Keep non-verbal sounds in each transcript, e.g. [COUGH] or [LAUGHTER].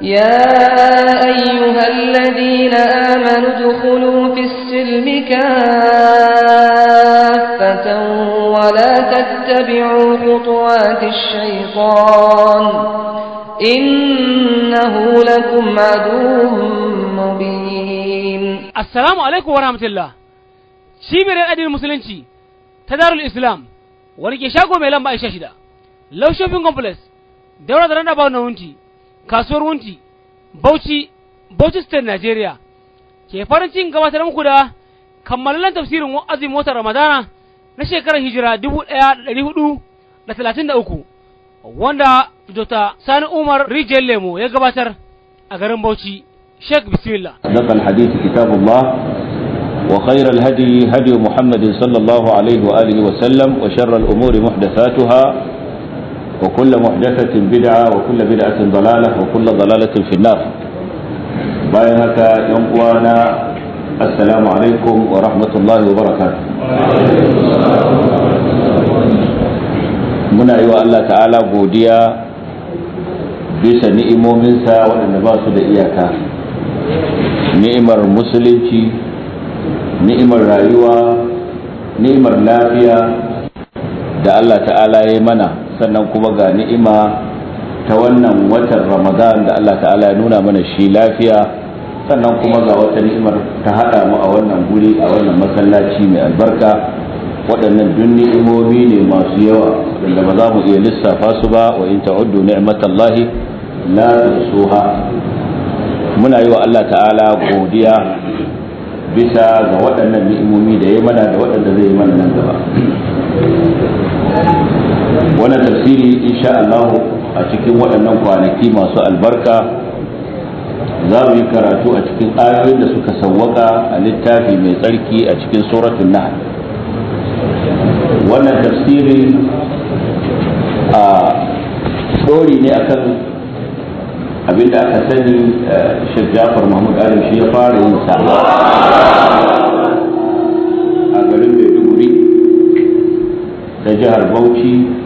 يا أيها الذين آمنوا ادخلوا في السلم كافة ولا تتبعوا خطوات الشيطان إنه لكم عدو مبين السلام عليكم ورحمة الله شيبر الدين المسلمين تدار الإسلام ولكي شاكو ميلان بأي شاشدة لو شوفين كومبلس دورة رنبا ونونتي kasuwar wunti bauchi bauchi state nigeria ke farin cikin gabatar muku da kammalan tafsirin wa'azin ramadana na shekarar hijira 1433 wanda dr sani umar rijiyar lemo ya gabatar a garin bauchi sheikh bismillah daga alhadith kitabullah muhammad الهدي هدي محمد صلى wa sallam wa وسلم وشر الأمور محدثاتها وكل محدثة بدعة وكل بدعة ضلالة وكل ضلالة في النار bayan haka yan uwana assalamu alaikum wa rahmatullahi wa barakatuh muna yi wa Allah ta'ala godiya bisa ni'imominsa waɗanda ba su da iyaka ni'imar musulunci ni'imar rayuwa ni'imar lafiya da Allah ta'ala ya mana sannan kuma ga ni'ima ta wannan watan ramadan da Allah ta'ala ya nuna mana shi lafiya sannan kuma ga wata ni'imar ta haɗa mu a wannan guri a wannan masallaci mai albarka waɗannan duk ni'imomi ne masu yawa wanda ba za mu iya lissafa su ba wa in ta'uddu ni'matallahi la tusuha muna yi wa Allah ta'ala godiya bisa ga waɗannan ni'imomi da ya mana da waɗanda zai yi mana nan gaba wannan tafsiri insha Allah a cikin waɗannan kwanaki masu albarka za mu yi karatu a cikin ayoyin da suka sawwaka a littafi mai tsarki a cikin suratul nahl wannan tafsiri a dori ne akan abinda aka sani eh, Sheikh Jafar Mahmud shi ya fara yin sa a garin Maiduguri da jihar Bauchi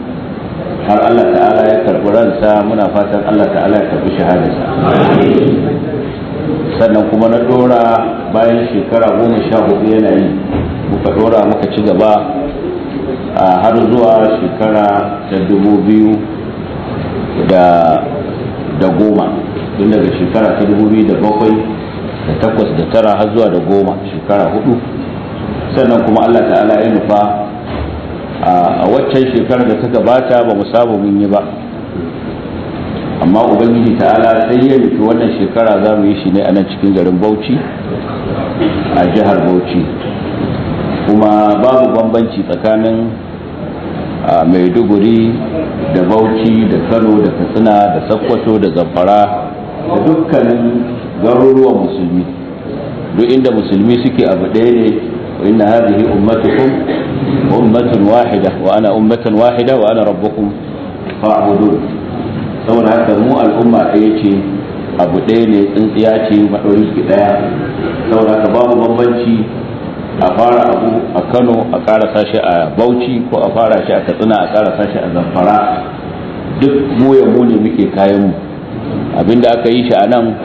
har Allah ta'ala ya karbi ransa muna fatan Allah ta'ala ya karbi shahadarsa sannan kuma na dora bayan shekara goma sha hudu yana yi muka dora muka ci gaba a har zuwa shekara ta dubu biyu da goma tun daga shekara ta dubu biyu da bakwai da takwas da tara har zuwa da goma shekara hudu sannan kuma Allah ta'ala ya nufa a waccan shekarar da ta gabata ba mu samu mun yi ba amma ubangiji ta'ala sai ya nufi wannan shekara za mu yi shi ne a nan cikin garin bauchi a jihar bauchi kuma babu bambanci tsakanin maiduguri da bauchi da kano da katsina da sakkwato da zamfara da dukkanin garuruwan musulmi duk inda musulmi suke abu ɗaya ne وإن هذه أمتكم أمة واحدة وأنا أمة واحدة وأنا ربكم فاعبدون saboda haka mu al'umma ɗaya ce abu ɗaya ne tsintsiya ce maɗaurin ki ɗaya saboda haka babu bambanci a fara a kano a ƙarasa shi a bauchi ko a fara a katsina a ƙarasa shi a zamfara duk mu ne muke kayan mu abinda aka yi shi a nan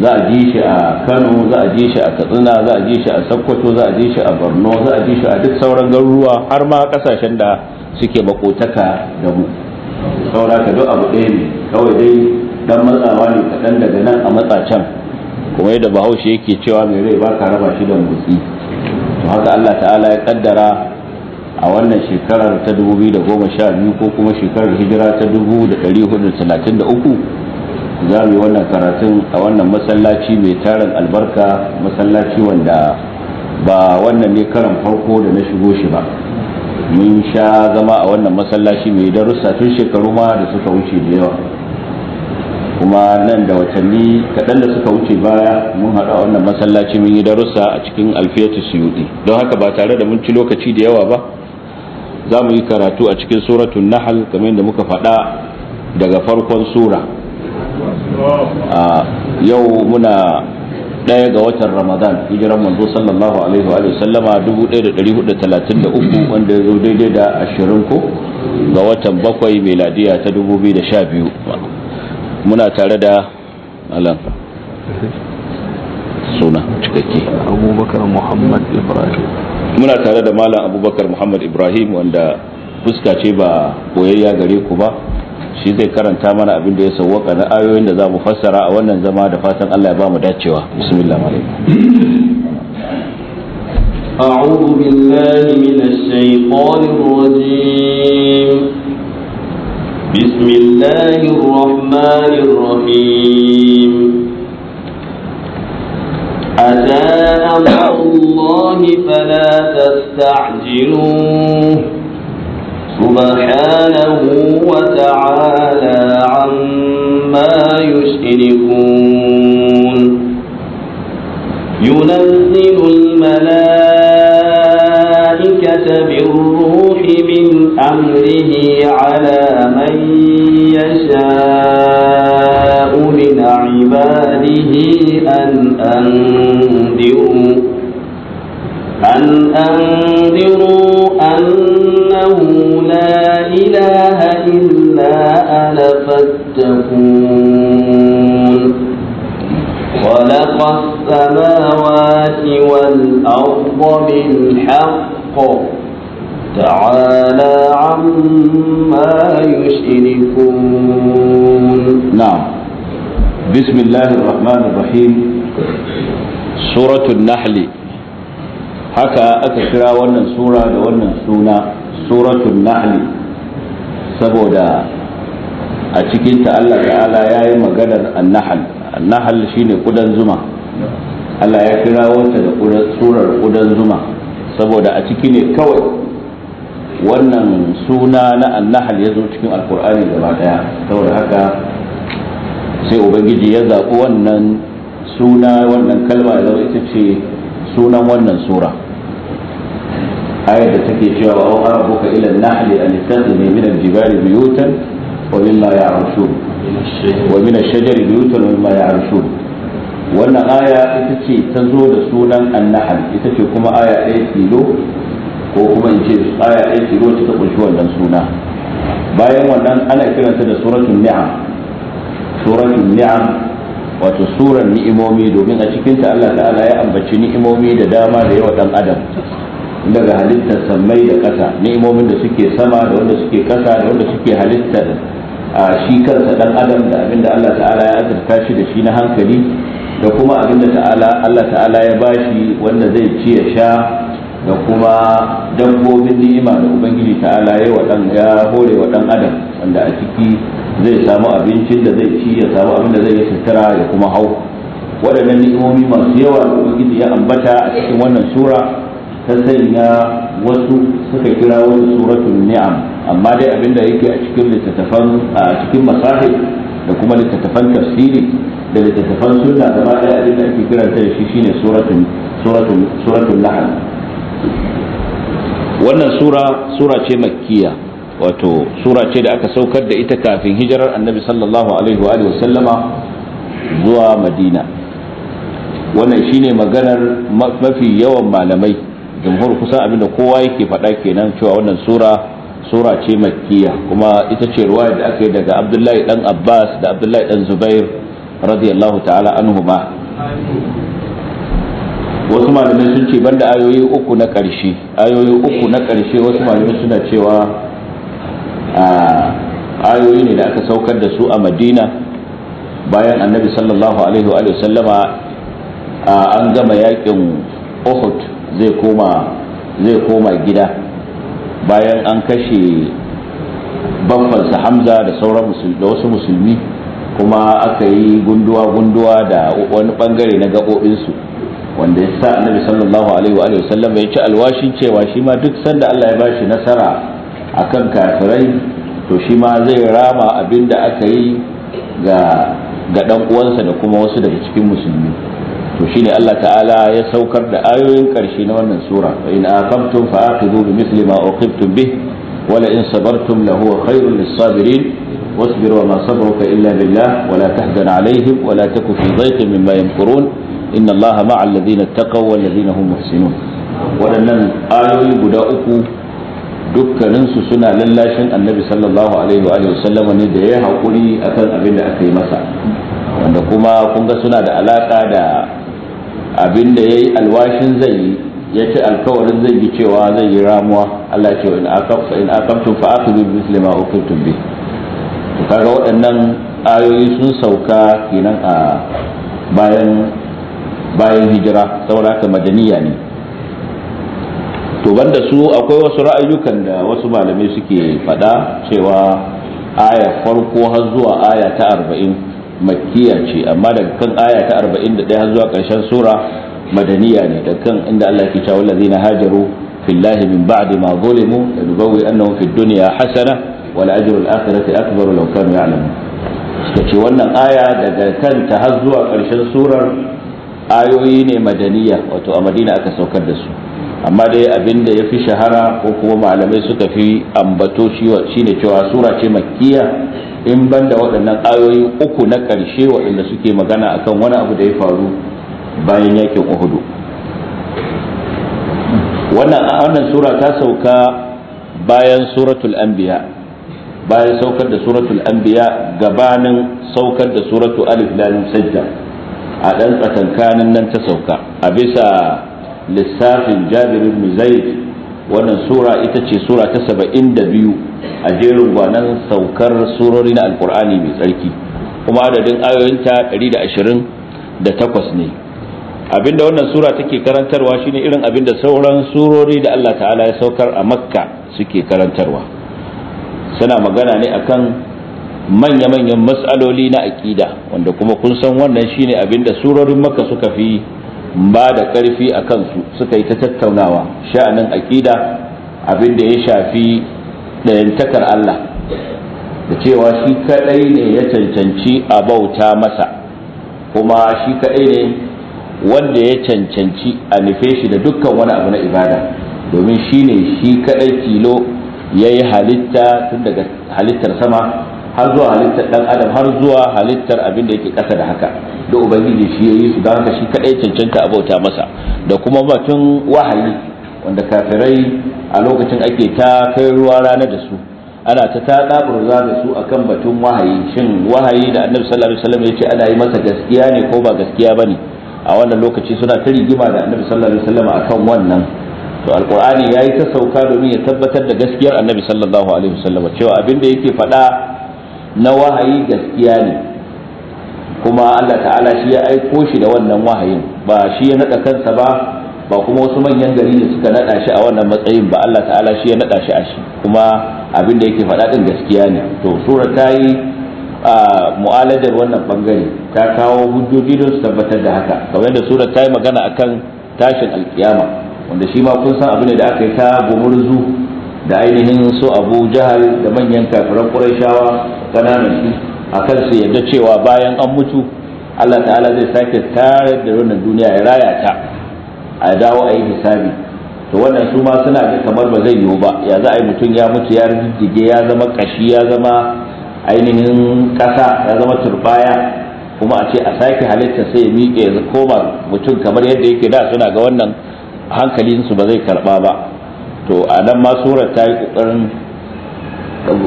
za a ji shi a kano za a ji shi a katsina za a ji shi a sokoto za a ji shi a borno za a ji shi a duk sauran garuruwa har ma kasashen da suke makotaka da mu saura ka duk abu ɗaya ne kawai dai dan matsawa ne kaɗan daga nan a matsa can kuma yadda bahaushe yake cewa mai rai ba ka raba shi da motsi to haka allah ta'ala ya kaddara a wannan shekarar ta 2012 ko kuma shekarar hijira ta uku? za mu yi wannan karatun a wannan masallaci mai tarin albarka masallaci wanda ba wannan ne karan farko da na shigo shi ba mun sha zama a wannan masallaci mai darussa tun shekaru ma da suka wuce da yawa kuma nan da watanni kaɗan da suka wuce baya mun haɗa wannan masallaci mun yi darussa a cikin alfiyatu suyuɗi don haka ba tare da mun ci lokaci da yawa ba za mu yi karatu a cikin suratun nahal kamar yadda muka faɗa daga farkon sura yau muna ɗaya ga watan ramadan hijiran manzo sallallahu alaihi wa sallama 1433 wanda ya zo daidai da ashirin ko ga watan bakwai meladiya ta 2012 muna tare da alam suna cikakke abubakar muhammad ibrahim muna tare da malam abubakar muhammad ibrahim wanda fuska ce ba boyayya gare ku ba shi zai karanta mana abin da ya sauwaka na ayoyin da za mu fassara a wannan zama da fatan Allah ya ba mu dacewa bismillah أعوذ بالله من الشيطان الرجيم بسم الله الرحمن الرحيم أتى أمر الله فلا تستعجلوه سبحانه وتعالى عما يشركون ينزل الملائكة بالروح من أمره على من يشاء من عباده أن أنذروا أن أنذروا أنه لا إله إلا أنا فاتقون خلق السماوات والأرض بالحق تعالى عما يشركون نعم بسم الله الرحمن الرحيم سورة النحل haka aka kira wannan sura da wannan suna suratul nahli saboda a cikinta Allah ta'ala ya yi maganar annahal annahal shine kudan zuma Allah ya kira wata da surar kudan zuma saboda a ciki ne kawai wannan suna na annahal ya zo cikin alkur'ani gaba daya saboda haka sai ubangiji ya zaɓi wannan suna wannan kalma da ita ce sunan wannan sura ayar da take cewa wa auha rabbuka ila an-nahli an tattakhidha min al-jibali buyutan wa mimma wa min ash-shajari buyutan wa wannan aya ita ce ta zo da sunan an ita ce kuma aya ko kuma in ce aya wannan suna bayan wannan ana kiranta da suratul ni'am suratul ni'am wato surar ni'imomi domin a cikinta Allah ta'ala ya ambaci ni'imomi da dama da yawa dan adam daga halittar samai da ƙasa ni'imomin da suke sama da wanda suke ƙasa da wanda suke halittar a shi kansa dan adam da abinda Allah ta'ala ya azurta shi da shi na hankali da kuma abinda ta'ala Allah ta'ala ya bashi wanda zai ci ya sha da kuma dabbobin ni'ima da ubangiji ta'ala ya wadan ya hore wa dan adam wanda a ciki zai samu abincin da zai ci ya samu abin zai yi sutura ya kuma hau waɗannan ni'imomi masu yawa da ubangiji ya ambata a cikin wannan sura ta sanya wasu suka kira wani suratul ni'am amma dai abinda yake a cikin littattafan a cikin masahi da kuma littattafan tafsiri da littattafan sunna gaba daya abinda ake kiranta da shi shine suratul suratul suratul nahl wannan sura sura ce makkiya wato sura ce da aka saukar da ita kafin hijirar annabi sallallahu alaihi wa sallama zuwa madina wannan shine maganar mafi yawan malamai jumhur kusan abinda kowa yake faɗa kenan cewa wannan sura sura ce makkiya kuma ita ce ruwaya da aka yi daga abdullahi dan abbas da abdullahi dan zubair radiyallahu ta'ala anhuma wasu malamai sun ce banda ayoyi uku na ƙarshe ayoyi uku na ƙarshe wasu malamai suna cewa ayoyi ne da aka saukar da su a madina bayan annabi sallallahu alaihi wa sallama an gama yakin uhud zai koma gida bayan an kashe bambansa hamza da sauran da wasu musulmi kuma aka yi gunduwa gunduwa da wani bangare na gaɓoɓinsu wanda ya sa annabi sallallahu alaihi wa sallam ya ci alwashin cewa shi ma duk sanda Allah ya bashi nasara akan kafirai to shi ma zai rama abin da aka yi ga ga uwansa da kuma wasu daga cikin musulmi to shine Allah ta'ala ya saukar da ayoyin karshe na wannan sura fa in aqamtum fa aqidu bi misli ma uqibtum bih wa la in sabartum la huwa khairul lis-sabirin wasbir wa ma sabruka illa billah wa la tahzan alaihim wa la taku fi dhayqin mimma yamkurun inna Allaha ma'a alladhina ittaqaw wal ladhina hum muhsinun waɗannan ayoyi guda uku dukkaninsu suna lallashin annabi sallallahu alaihi wa sallama ne da yayi hakuri akan abin da aka yi masa wanda kuma kun ga suna da alaƙa da abin ya yi alwashin zai yi ya ce alkawarin zai yi cewa zai yi ramuwa Allah ce in aqabtu in aqabtu fa aqibu bi to kaga waɗannan ayoyi sun sauka kenan a bayan bayan hijira saboda haka madaniya ne to banda su akwai wasu ra'ayukan da wasu malamai suke faɗa cewa aya farko har zuwa aya ta arba'in makkiya ce amma daga kan aya ta 41 har zuwa ƙarshen sura madaniya ne da kan inda Allah ke cewa allazina hajaru fillahi min ba'di ma zulimu yadbawi annahum fid dunya hasana wal ajru al akhirati akbar law kanu ya'lamun ce wannan aya daga kanta har zuwa ƙarshen surar ayoyi ne madaniya wato a madina aka saukar da su amma dai abinda ya fi shahara ko kuma malamai suka fi ambato shine cewa sura ce makkiya in banda waɗannan ayoyi uku na ƙarshe waɗanda suke magana akan wani abu da ya faru bayan yakin uhudu wannan wannan sura ta sauka bayan suratul anbiya bayan saukar da suratul anbiya gabanin saukar da suratul alif lam a ɗan tsakankanin nan ta sauka a bisa lissafin jabir ibn zaid wannan sura ita ce sura ta saba'in da biyu a jerin gwanan saukar surori na alkur'ani mai tsarki kuma adadin ayoyinta ɗari da ashirin da takwas ne abinda wannan sura take karantarwa shine irin abinda sauran surori da Allah ta'ala ya saukar a makka suke karantarwa suna magana ne akan manya-manyan matsaloli na aƙida wanda kuma kun san wannan shine abinda surorin makka suka fi ba da ƙarfi a kansu suka yi ta tattaunawa sha'anin aƙida abin da ya shafi ɗayantakar Allah da cewa shi kaɗai ne ya cancanci a bauta masa kuma shi kaɗai ne wanda ya cancanci a nufe shi da dukkan wani abu na ibada domin shi ne shi kaɗai tilo ya yi halitta tun daga halittar sama har zuwa halittar dan adam har zuwa halittar abin da yake kasa da haka da ubangiji shi yayi su dan haka shi kadai cancanta a bauta masa da kuma batun wahayi wanda kafirai a lokacin ake ta kai ruwa rana da su ana ta ta ruwa da su akan batun wahayi shin wahayi da annabi sallallahu alaihi wasallam yace ana yi masa gaskiya ne ko ba gaskiya bane a wannan lokaci suna ta rigima da annabi sallallahu alaihi wasallam akan wannan to alqur'ani yayi ta sauka domin ya tabbatar da gaskiyar annabi sallallahu alaihi wasallam cewa abin da yake faɗa na wahayi gaskiya ne kuma Allah ta'ala shi ya aiko shi da wannan wahayin ba shi ya naɗa kansa ba ba kuma wasu manyan gari ne suka naɗa shi a wannan matsayin ba Allah ta'ala shi ya naɗa shi a shi kuma abin da yake faɗa ɗin gaskiya ne to sura ta yi mu'alajar wannan bangare ta kawo hujjoji don su tabbatar da haka kamar yadda sura ta yi magana akan tashin alkiyama wanda shi ma kun san abin da aka yi ta gumurzu da ainihin su abu jahal da manyan kafiran ƙurashawa ƙananan su a kan su yadda cewa bayan an mutu allah ta'ala zai sake tare da wannan duniya ya raya ta a dawo a yi hisabi to wannan su ma suna ga kamar ba zai yiwu ba ya za a yi mutum ya mutu ya rijige ya zama kashi ya zama ainihin ƙasa ya zama turbaya kuma a ce a sake halitta sai ya miƙe ya koma mutum kamar yadda yake da suna ga wannan hankalinsu ba zai karɓa ba to a nan ma surar ta yi kokarin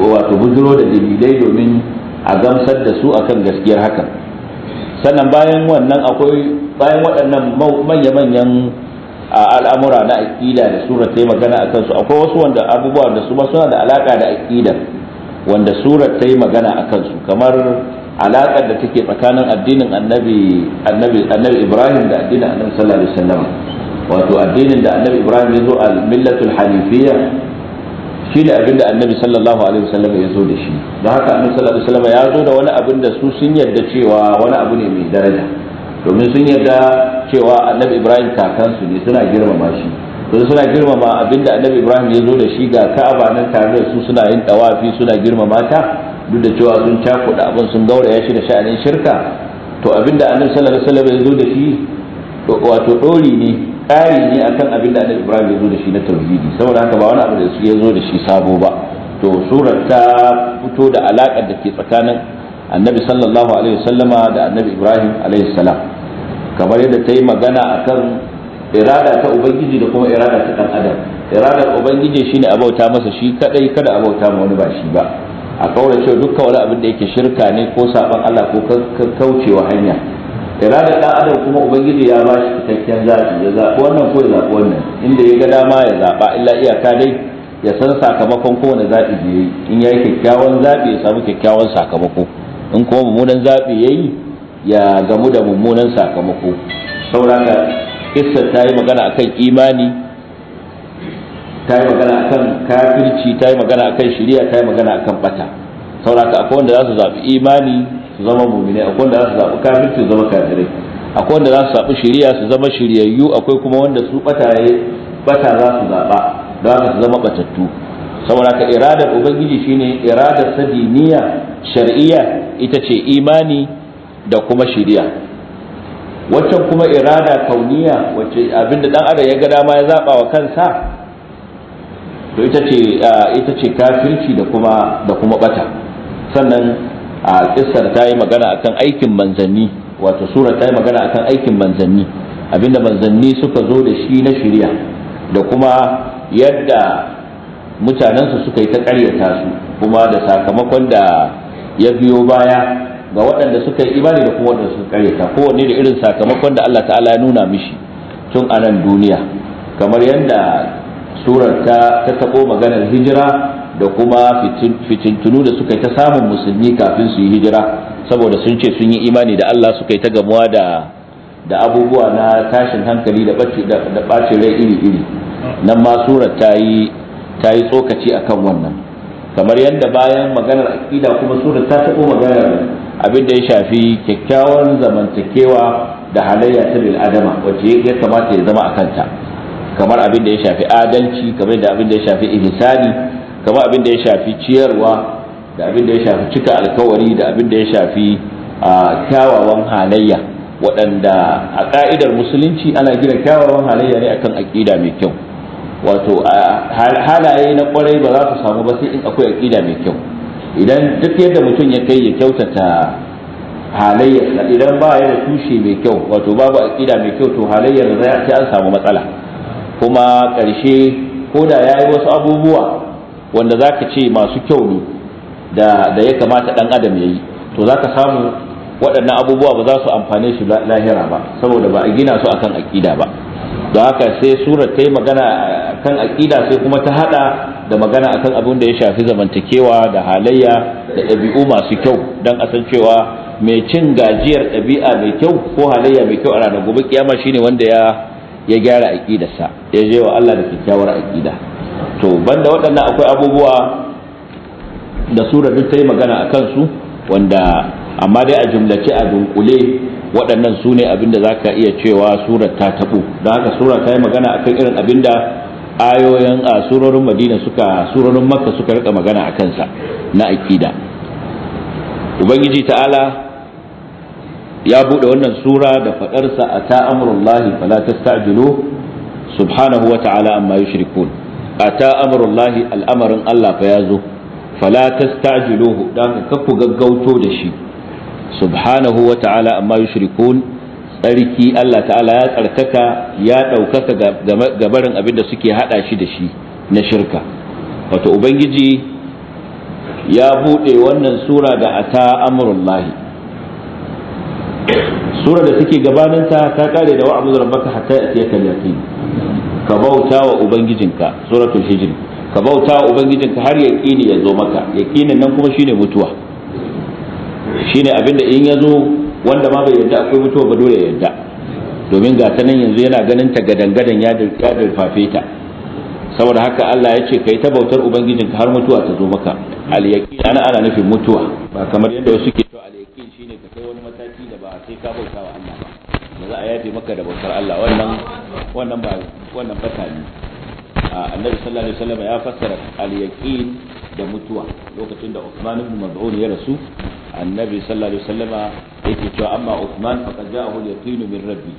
wato bujiro da dalilai domin a gamsar da su akan gaskiyar hakan sannan bayan wannan akwai bayan waɗannan manya-manyan al'amura na aƙida da surar ta yi magana a kansu akwai wasu wanda abubuwa da su ma suna da alaƙa da aƙida wanda surar ta yi magana a kansu kamar alaƙar da take tsakanin addinin annabi annabi ibrahim da addinin annabi sallallahu alaihi wasallam wato addinin da annabi ibrahim ya zo al-millatul hanifiyya shi ne abinda annabi sallallahu alaihi wasallam ya zo da shi don haka annabi sallallahu alaihi wasallam ya zo da wani abin da su sun yarda cewa wani abu ne mai daraja domin sun yarda cewa annabi ibrahim kakansu ne suna girmama shi don suna girmama abinda annabi ibrahim ya zo da shi ga ka'aba nan tare da su suna yin tawafi suna girmama ta duk da cewa sun cakuɗa abin sun gauraya shi da sha'anin shirka to abinda annabi sallallahu alaihi wasallam ya zo da shi wato ɗori ne ƙari ne akan abin da annabi ibrahim ya zo da shi na tauhidi saboda haka ba wani abu da su ya zo da shi sabo ba to surar ta fito da alakar da ke tsakanin annabi sallallahu alaihi wasallama da annabi ibrahim alaihi salam kamar yadda ta yi magana akan irada ta ubangiji da kuma irada ta ɗan adam iradar ubangiji shine a bauta masa shi kadai kada a bauta ma wani ba shi ba a cewa dukkan wani abin da yake shirka ne ko saban Allah ko kaucewa hanya irada dan adam kuma ubangiji ya ba shi cikakken zaɓi ya zaɓi wannan ko ya zaɓi wannan inda ya ga dama ya zaɓa illa iyaka dai ya san sakamakon kowane zaɓi da yayi in yayi kyakkyawan zaɓi ya samu kyakkyawan sakamako in kuma mummunan zaɓi yayi ya gamu da mummunan sakamako sauraka kissa ta yi magana akan imani ta yi magana akan kafirci ta yi magana akan shari'a ta yi magana akan bata sauraka akwai wanda za su zaɓi imani su zama mumini akwai wanda za su zaɓi kafirci zama kafirai akwai wanda za su zaɓi shiriya su zama shiryayyu akwai kuma wanda su bataye bata za su zaɓa za haka su zama batattu saboda ka iradar ubangiji shine iradar ta diniya shar'iyya ita ce imani da kuma shiriya Wacce kuma irada kauniya wacce abinda dan adam ya ga dama ya zaba wa kansa to ita ce ita ce kafirci da kuma da kuma bata sannan a kissar ta yi magana akan aikin manzanni wato sura ta yi magana akan aikin manzanni abinda manzanni suka zo da shi na shirya da kuma yadda mutanensu suka yi ta ƙaryata su kuma da sakamakon da ya biyo baya ga waɗanda suka yi imani da kuma waɗanda suka ƙaryata kowanne da irin sakamakon da Allah ta'ala ya nuna mishi tun a nan duniya kamar yadda surar ta taɓo maganar hijira da kuma fitintunu da suka yi ta samun musulmi kafin su yi hijira saboda sun ce sun yi imani da Allah suka yi ta gamuwa da da abubuwa na tashin hankali da ɓacin rai iri-iri nan ma surar ta yi tsokaci akan wannan kamar yadda bayan maganar aqida kuma surar ta taɓo maganar abin da ya shafi kyakkyawan zamantakewa da halayya ta bil'adama wacce ya kamata ya zama a kanta kamar abin da ya shafi adalci kamar da abin da ya shafi ihsani kamar abin da ya shafi ciyarwa da abin da ya shafi cika alkawari da abin da ya shafi kyawawan halayya waɗanda a ƙa'idar musulunci ana gina kyawawan halayya ne akan aƙida mai kyau wato halaye na ƙwarai ba za su samu ba sai in akwai aƙida mai kyau idan duk yadda mutum ya kai ya kyautata halayyarsa idan ba ya da tushe mai kyau wato babu aƙida mai kyau to halayyar za ta an samu matsala kuma ƙarshe ko da ya yi wasu abubuwa wanda za ka ce masu kyau ne da ya kamata ɗan adam ya yi to za ka samu waɗannan abubuwa ba za su amfane shi lahira ba saboda ba a gina su akan aƙida ba don haka sai surar ta yi magana akan aƙida sai kuma ta haɗa da magana akan abin da ya shafi zamantakewa da halayya da ɗabi'u masu kyau don a san cewa mai cin gajiyar ɗabi'a mai kyau ko halayya mai kyau a ranar gobe kiyama shine wanda ya ya gyara aƙidarsa ya je wa Allah da kyakkyawar aƙida to banda waɗannan akwai abubuwa da sura ta yi magana a kansu wanda amma dai a jumlace a dunkule waɗannan su ne abinda za ka iya cewa surar ta taɓo don haka sura ta yi magana a kan irin abinda ayoyin a surorin madina suka surorin makka suka rika magana a kansa na aƙida ubangiji ta'ala ya buɗe wannan sura da faɗarsa a ta'amurullahi fala tastajilu subhanahu wa ta'ala amma yushrikun ata amrullahi al'amarin Allah fa ya zo fala tasta'jiluhu dan ka ku gaggauto da shi subhanahu wa ta'ala amma yushrikun tsarki Allah ta'ala ya tsarkaka ya ɗaukaka gabarin abin da suke haɗa shi da shi na shirka wato ubangiji ya buɗe wannan sura da ata amurullahi sura da suke gabaninta ta kare da wa'amu rabbaka hatta ya ka bauta wa ubangijinka suratul hijr ka bauta wa ubangijinka har yaqini ya zo maka yaqinin nan kuma shine mutuwa shine abinda in ya zo wanda ma bai yarda akwai mutuwa ba dole ya yarda domin ga ta nan yanzu yana ganin ta gadan-gadan ya dirfafe ta saboda haka Allah ya ce kai ta bautar ubangijinka har mutuwa ta zo maka al yaqin ana ana nufin mutuwa ba kamar yadda wasu ke to al yaqin shine ka kai wani mataki da ba sai ka bauta wa Allah ba da za a yafe maka da bautar Allah wannan wannan ba wannan bata ne annabi sallallahu alaihi wasallam ya fassara al-yaqin da mutuwa lokacin da Uthman ibn Mas'ud ya rasu annabi sallallahu alaihi wasallam yake cewa amma Uthman faqad ja'ahu al-yaqin min rabbi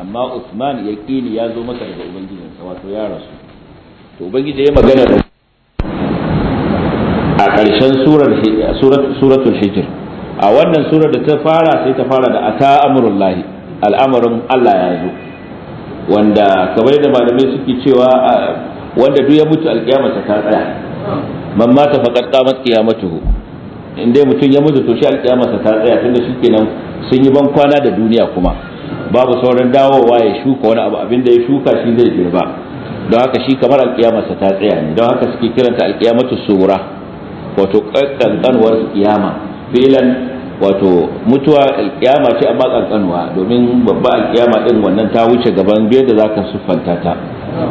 amma Uthman yaqini ya zo masa daga ubangijinsa wato ya rasu to ubangiji ya magana da a ƙarshen surar, suratul hijr a wannan surar da ta fara sai ta fara da ata amrullahi al'amarin Allah ya zo wanda kamar da malamai suke cewa wanda duk ya mutu alkiyamarsa ta tsaya man mata faqad qamat qiyamatuhu in dai mutum ya mutu to shi alkiyamarsa ta tsaya tunda shikenan sun yi ban kwana da duniya kuma babu sauran dawowa ya shuka wani abu abinda ya shuka shi zai girba don haka shi kamar alkiyamarsa ta tsaya ne don haka suke kiranta alkiyamatu sura wato ƙanƙanwar kiyama filan wato mutuwa alkiyama ce amma kankanuwa domin babba alkiyama din wannan ta wuce gaban biyar da zaka sufanta ta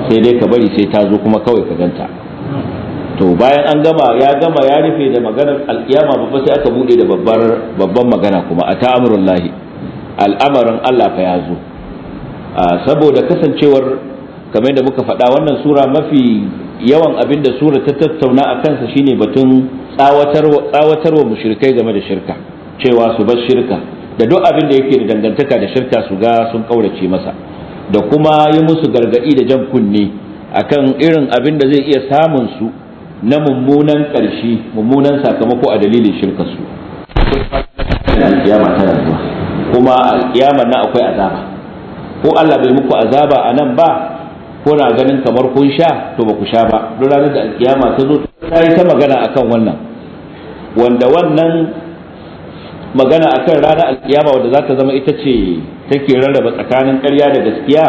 sai dai ka bari sai ta zo kuma kawai ka ganta to bayan an gama ya gama ya rufe da maganar alkiyama babba sai aka bude da babbar babban magana kuma a ta'amurun lahi al'amarin Allah fa ya zo saboda kasancewar kamar da muka faɗa wannan sura mafi yawan abin da sura ta tattauna a kansa shine batun tsawatarwa mushrikai game da shirka cewa su bar shirka da duk abin da yake da dangantaka da shirka su ga sun kaurace masa da kuma yi musu gargadi da jan kunne akan irin abin da zai iya samun su na mummunan ƙarshe mummunan sakamako a dalilin shirka su kuma alƙiyama na akwai azaba ko Allah bai muku azaba a nan ba ko na ganin kamar kun sha to ba ku sha ba duk ranar da alƙiyama ta zo ta yi ta magana akan wannan wanda wannan magana akan ranar alkiyama wadda za ta zama ita ce take rarraba tsakanin karya da gaskiya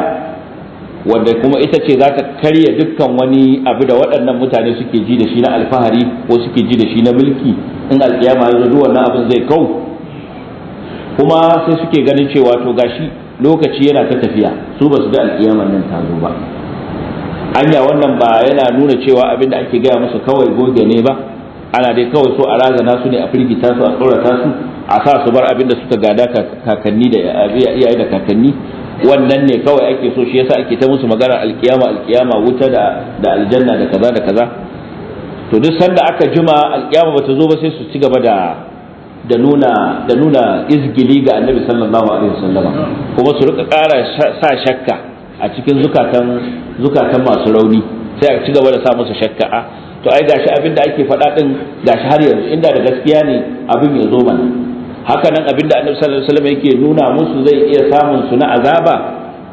wadda kuma ita ce za ta karya dukkan wani abu da waɗannan mutane suke ji da shi na alfahari ko suke ji da shi na mulki in alkiyama ya zo wannan abin zai kau kuma sai suke ganin cewa to gashi lokaci yana ta tafiya su ba su ga alkiyama nan ta zo ba anya wannan ba yana nuna cewa abin da ake gaya musu kawai goge ne ba ana dai kawai so a razana su ne a firgita su a tsorata su a sa su bar abin da suka gada kakanni da iyaye da kakanni wannan ne kawai ake so shi yasa ake ta musu magana alkiyama alkiyama wuta da da aljanna da kaza da kaza to duk sanda aka jima alkiyama bata zo ba sai su ci gaba da da nuna da nuna izgili ga annabi sallallahu alaihi wasallama kuma su rika kara sa shakka a cikin zukatan zukatan masu rauni sai a ci gaba da sa musu shakka ah, to ai gashi abin da ake faɗa din gashi har yanzu inda da gaskiya ne abin ya zo mana hakanan abinda annabi sallallahu alaihi wasallam yake nuna musu zai iya samun su na azaba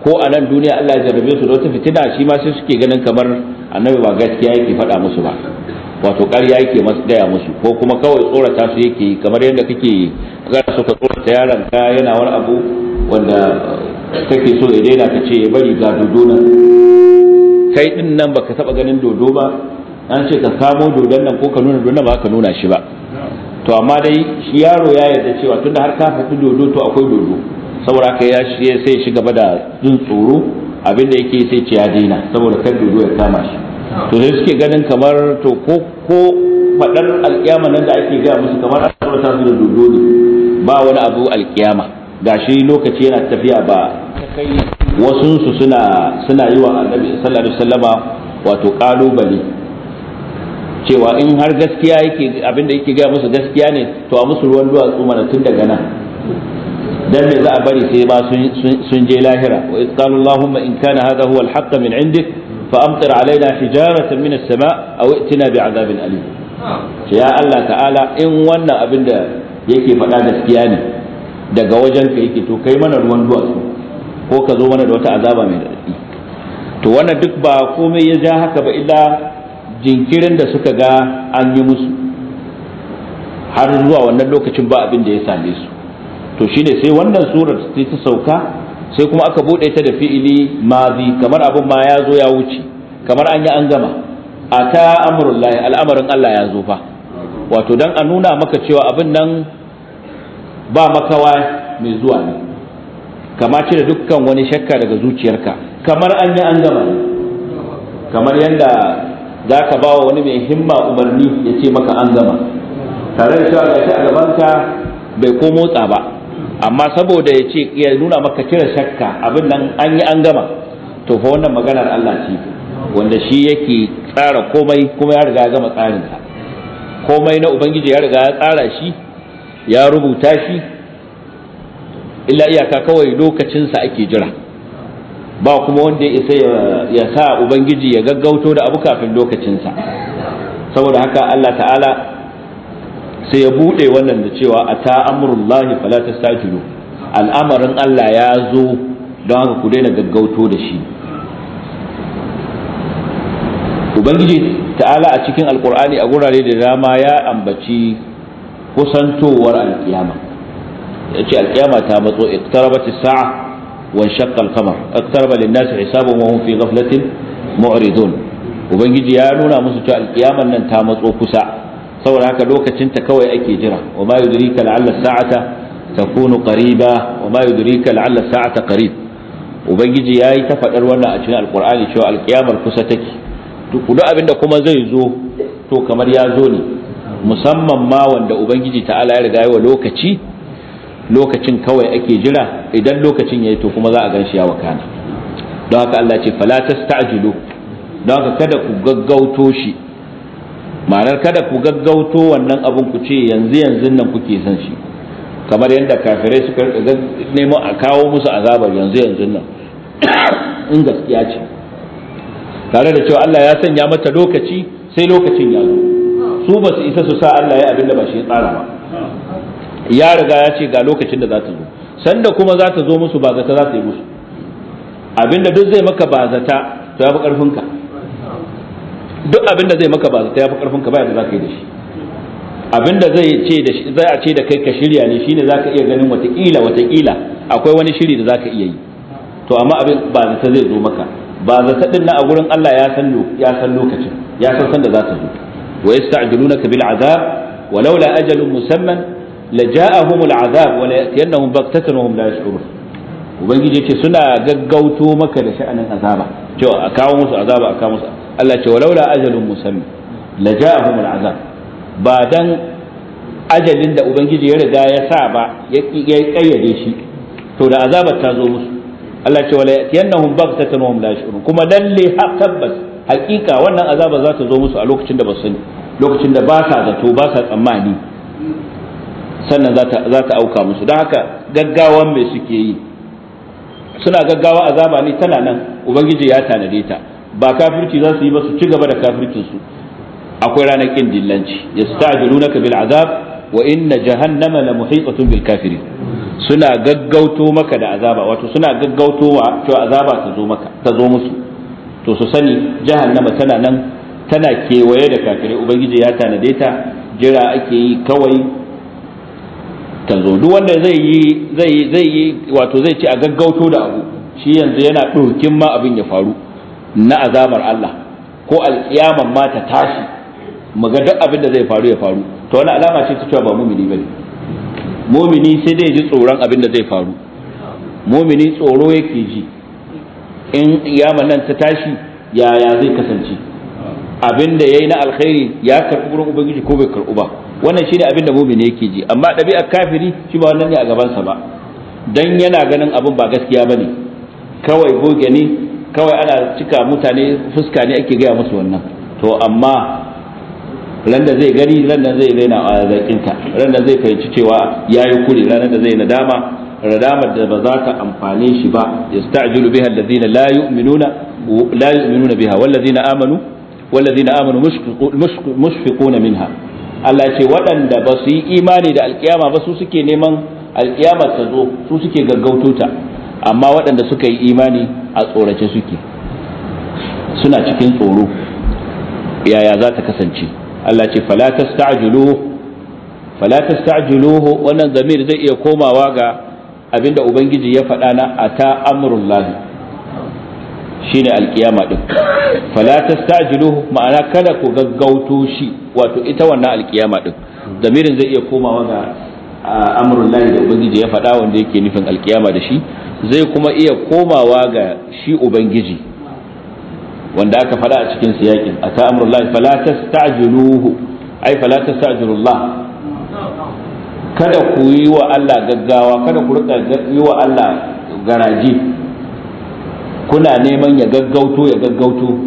ko a nan duniya Allah ya jarrabe su da wata fitina shi ma sai suke ganin kamar annabi ba gaskiya yake faɗa musu ba wato ƙarya yake gaya musu ko kuma kawai tsorata su yake kamar yadda kake za su ka tsorata yaron ka yana wani abu wanda kake so ya daina ka ce ya bari ga dodo nan kai din nan baka taba ganin dodo ba an ce ka samo dodon nan ko ka nuna dodon ba ka nuna shi ba to amma dai shi yaro ya yarda cewa tunda har ka faɗi dodo to akwai dodo saboda haka ya sai shi gaba da jin tsoro abinda yake sai ce ya daina saboda kar dodo ya kama shi to sai suke ganin kamar to ko ko faɗar alƙiyama nan da ake gaya musu kamar an saboda ta da dodo ne ba wani abu alƙiyama gashi lokaci yana tafiya ba su suna suna yi wa annabi sallallahu alaihi wasallama wato ƙalubale cewa in har gaskiya yake abinda yake gaya musu gaskiya ne to a musu ruwan duwatsu mana tun daga nan dan me za a bari sai ba sun je lahira wa qalu allahumma in kana hadha huwa alhaqqa min indik fa amtir alaina hijaratan min as-sama' aw i'tina bi'adabin alim ya allah ta'ala in wannan abinda yake faɗa gaskiya ne daga wajen ka yake to kai mana ruwan duwatsu ko ka zo mana da wata azaba mai daɗi to wannan duk ba komai ya ja haka ba illa jinkirin da suka ga an yi musu har zuwa wannan lokacin ba abin da ya same su to shine sai wannan surar sai ta sauka sai kuma aka bude ta da fi'ili mazi kamar abin ma ya zo ya wuce kamar an yi an gama a ta al'amarin Allah ya zo fa wato dan a nuna maka cewa abin nan ba makawa mai zuwa ne kama cire dukkan wani shakka daga zuciyarka kamar an yi an gama kamar yadda za ka ba wa wani mai himma umarni ya ce maka an gama tare da cewa gashi a gabanka bai ko motsa ba amma saboda ya ce ya nuna maka kira shakka abin nan an yi an gama to fa wannan maganar Allah ce wanda shi yake tsara komai kuma ya riga ya gama sa komai na ubangiji ya riga ya tsara shi ya rubuta shi illa iyaka kawai lokacinsa ake jira ba kuma wanda ya isa ya sa ubangiji ya gaggauto da abu kafin lokacinsa saboda haka Allah ta'ala sai ya bude wannan da cewa a ta fala al'amarin Allah ya zo don haka ku daina gaggauto da shi ubangiji ta'ala a cikin alkur'ani a gurare da dama ya ambaci kusantowar alkiyama ya ce alkiyama ta matso sa'a وانشق القمر اقترب للناس حسابهم وهم في غفلة معرضون ubangiji ya nuna musu cewa alkiyaman nan ta matso kusa saboda haka lokacin ta kawai ake jira wa ma yayi ta fadar wannan a cikin alqur'ani cewa kusa take duk abinda kuma zai zo to kamar ya zo ne musamman ma wanda ubangiji ta'ala ya lokaci lokacin kawai ake jira idan lokacin yayi to kuma za a ganshi ya wakana don haka Allah ce fala tasta'jilu don haka kada ku gaggauto shi ma'anar kada ku gaggauto wannan abun ku ce yanzu yanzu nan kuke son shi kamar yadda kafirai suka nemo a kawo musu azabar yanzu yanzu nan [COUGHS] in gaskiya ce tare da cewa Allah ya sanya mata lokaci sai lokacin ya zo su ba su isa su sa Allah ya abin da ba shi ya tsara ba ya riga ya ce ga lokacin da za ta zo sanda kuma za ta zo musu ba zata za ta yi musu abinda duk zai maka ba zata to ya fi karfinka duk abinda zai maka ba zata ya fi karfinka ba yadda za ka yi da shi abinda zai ce da za a ce da kai ka shirya ne shine za ka iya ganin watakila watakila akwai wani shiri da za ka iya yi to amma abin ba zata zai zo maka ba zata din na a gurin Allah ya san ya san lokacin ya san sanda za ta zo wa yasta'jilunaka bil azab ولولا أجل مسمى la ja'ahumul azab wa la yatiyannahum baktatan wa hum la yash'urun ubangiji yace suna gaggauto maka da sha'anin azaba cewa a kawo musu azaba a kawo Allah ce walaula ajalun musammi la ja'ahumul azab ba dan ajalin da ubangiji ya riga ya sa ba ya kayyade shi to da azabar ta zo musu Allah ce wala yatiyannahum baghtatan wa hum la yash'urun kuma lalle tabbas hakika wannan azaba za ta zo musu a lokacin da ba sani lokacin da ba sa zato ba sa tsammani sannan za ta auka musu don haka gaggawan mai suke yi suna gaggawa azaba ne tana nan ubangiji ya tanade ta ba kafirci za su yi ba su ci gaba da kafircinsu akwai ranar kin dillanci yasta'jilunaka bil azab wa inna jahannama la muhitatun bil kafirin suna gaggauto maka da azaba wato suna gaggauto wa to azaba ta zo musu to su sani jahannama tana nan tana kewaye da kafirai ubangiji ya tanade ta jira ake yi kawai zo duk wanda zai yi zai zai yi wato zai ci a gaggauto da abu shi yanzu yana ɗokin ma abin ya faru na azamar Allah ko alƙiyaman ma ta tashi maga duk abin da zai faru ya faru to wani alama ce ta cewa ba mumini bane mumini sai dai ji tsoron abin da zai faru mumini tsoro yake ji in iyaman nan ta tashi yaya zai kasance abin da yayi na alkhairi ya karɓi gurin ubangiji ko bai karɓu ba wannan ne abin da mumin yake ji amma ɗabi'ar kafiri shi ba wannan ne a gabansa ba dan yana ganin abin ba gaskiya ne. kawai goge ne kawai ana cika mutane fuska ne ake gaya musu wannan to amma ran da zai gani ran da zai raina a zakinta ran da zai fahimci cewa yi kure ran da zai nadama nadamar da baza ka ta amfane shi ba yasta'jilu biha alladhina la yu'minuna la biha amanu والذين آمنوا مشفقون منها Allah ce waɗanda ba su yi imani da alkiyama ba su suke neman alkiyamar ta zo su suke gaggauto ta amma waɗanda suka yi imani a tsorace suke suna cikin tsoro yaya za ta kasance Allah ce fala tasta'jilu wannan zamir zai iya komawa ga abinda ubangiji ya faɗa na ata amrullahi shine alkiyama din fala tastajilu ma'ana kada ku gaggauto shi wato ita wannan alkiyama din Zamirin zai iya komawa ga amrul da ubangiji ya faɗa wanda yake nufin alkiyama da shi zai kuma iya komawa ga shi ubangiji wanda aka faɗa a cikin siyakin ta amrul lahi fala tastajiluhu ai fala tastajilullah kada ku yi wa Allah gaggawa kada ku rika yi wa Allah garaji kuna neman ya gaggauto ya gaggauto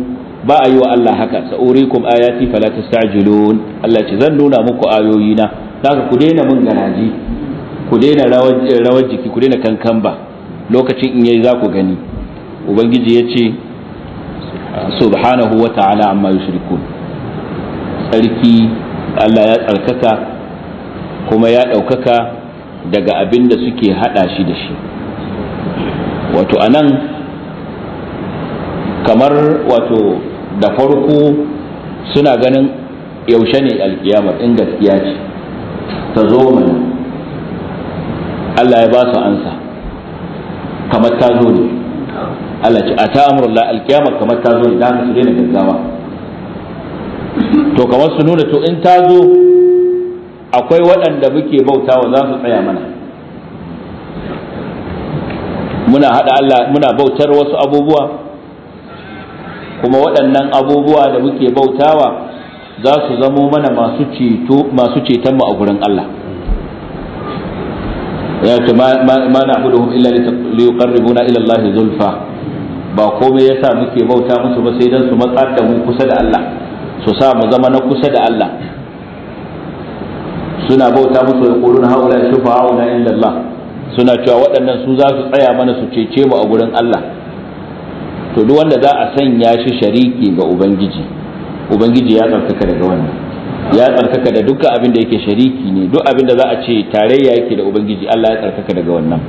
ba a yi wa Allah haka sa'urikum ayati fala tastajilun Allah ce zan nuna muku ayoyi na haka ku daina mun garaji ku daina rawar jiki ku daina kankamba lokacin in yayi za ku gani ubangiji ya ce subhanahu wata'ala ta'ala amma yushrikun Sarki, Allah ya tsarkaka kuma ya ɗaukaka daga abin da suke haɗa shi da shi wato anan kamar wato da farko suna ganin yaushe ne alkiyama in gaskiya ce ta zo mana Allah ya ba su ansa kamar ta zo ne Allah ce a ta amurla alkiyama kamar ta zo ne da su daina gaggawa to kamar su nuna to in ta zo akwai waɗanda muke bautawa za su tsaya mana muna hada Allah muna bautar wasu abubuwa kuma waɗannan abubuwa da muke bautawa za su zamo mana masu cetonmu a gurin Allah ya ce ma na abu da hum illa na ila Allah zulfa ba komai yasa muke bauta musu ba sai dan su matsar da mu kusa da Allah su sa mu zama na kusa da Allah suna bauta musu da kulun haula shufa'una illa Allah suna cewa waɗannan su za su tsaya mana su cece mu a gurin Allah to duk wanda za a sanya shi shariki ga ubangiji ubangiji ya tsarkaka daga wannan ya tsarkaka da dukkan abin da yake shariki ne duk abin da za a ce tarayya yake da ubangiji Allah ya tsarkaka daga wannan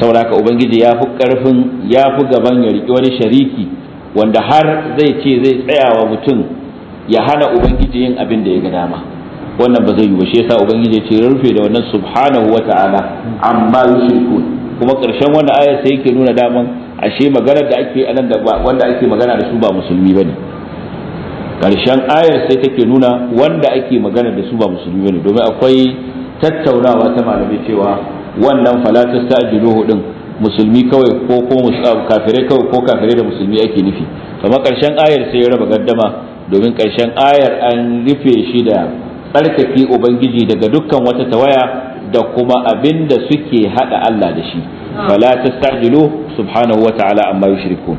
saboda ubangiji ya fi karfin ya fi gaban ya riki wani shariki wanda har zai ce zai tsayawa mutum ya hana ubangiji yin abin da ya ga dama wannan ba zai yi ba shi yasa ubangiji ya ce rufe da wannan subhanahu wata'ala amma yushrikun kuma ƙarshen wannan ayar sai yake nuna daman ashe maganar da ake anan da wanda ake magana da su ba musulmi bane karshen ayar sai take nuna wanda ake magana da su ba musulmi bane domin akwai tattaunawa ta malamai cewa wannan falatus ta'jiluhu din musulmi kawai ko ko ah, kafirai kawai ko kafirai da musulmi ake nufi Kamar karshen ayar sai ya raba gaddama domin karshen ayar an rufe shi da tsarkake ubangiji daga dukkan wata tawaya da kuma abin da suke hada Allah da shi fala tastajilu subhanahu wa ta'ala amma yushrikun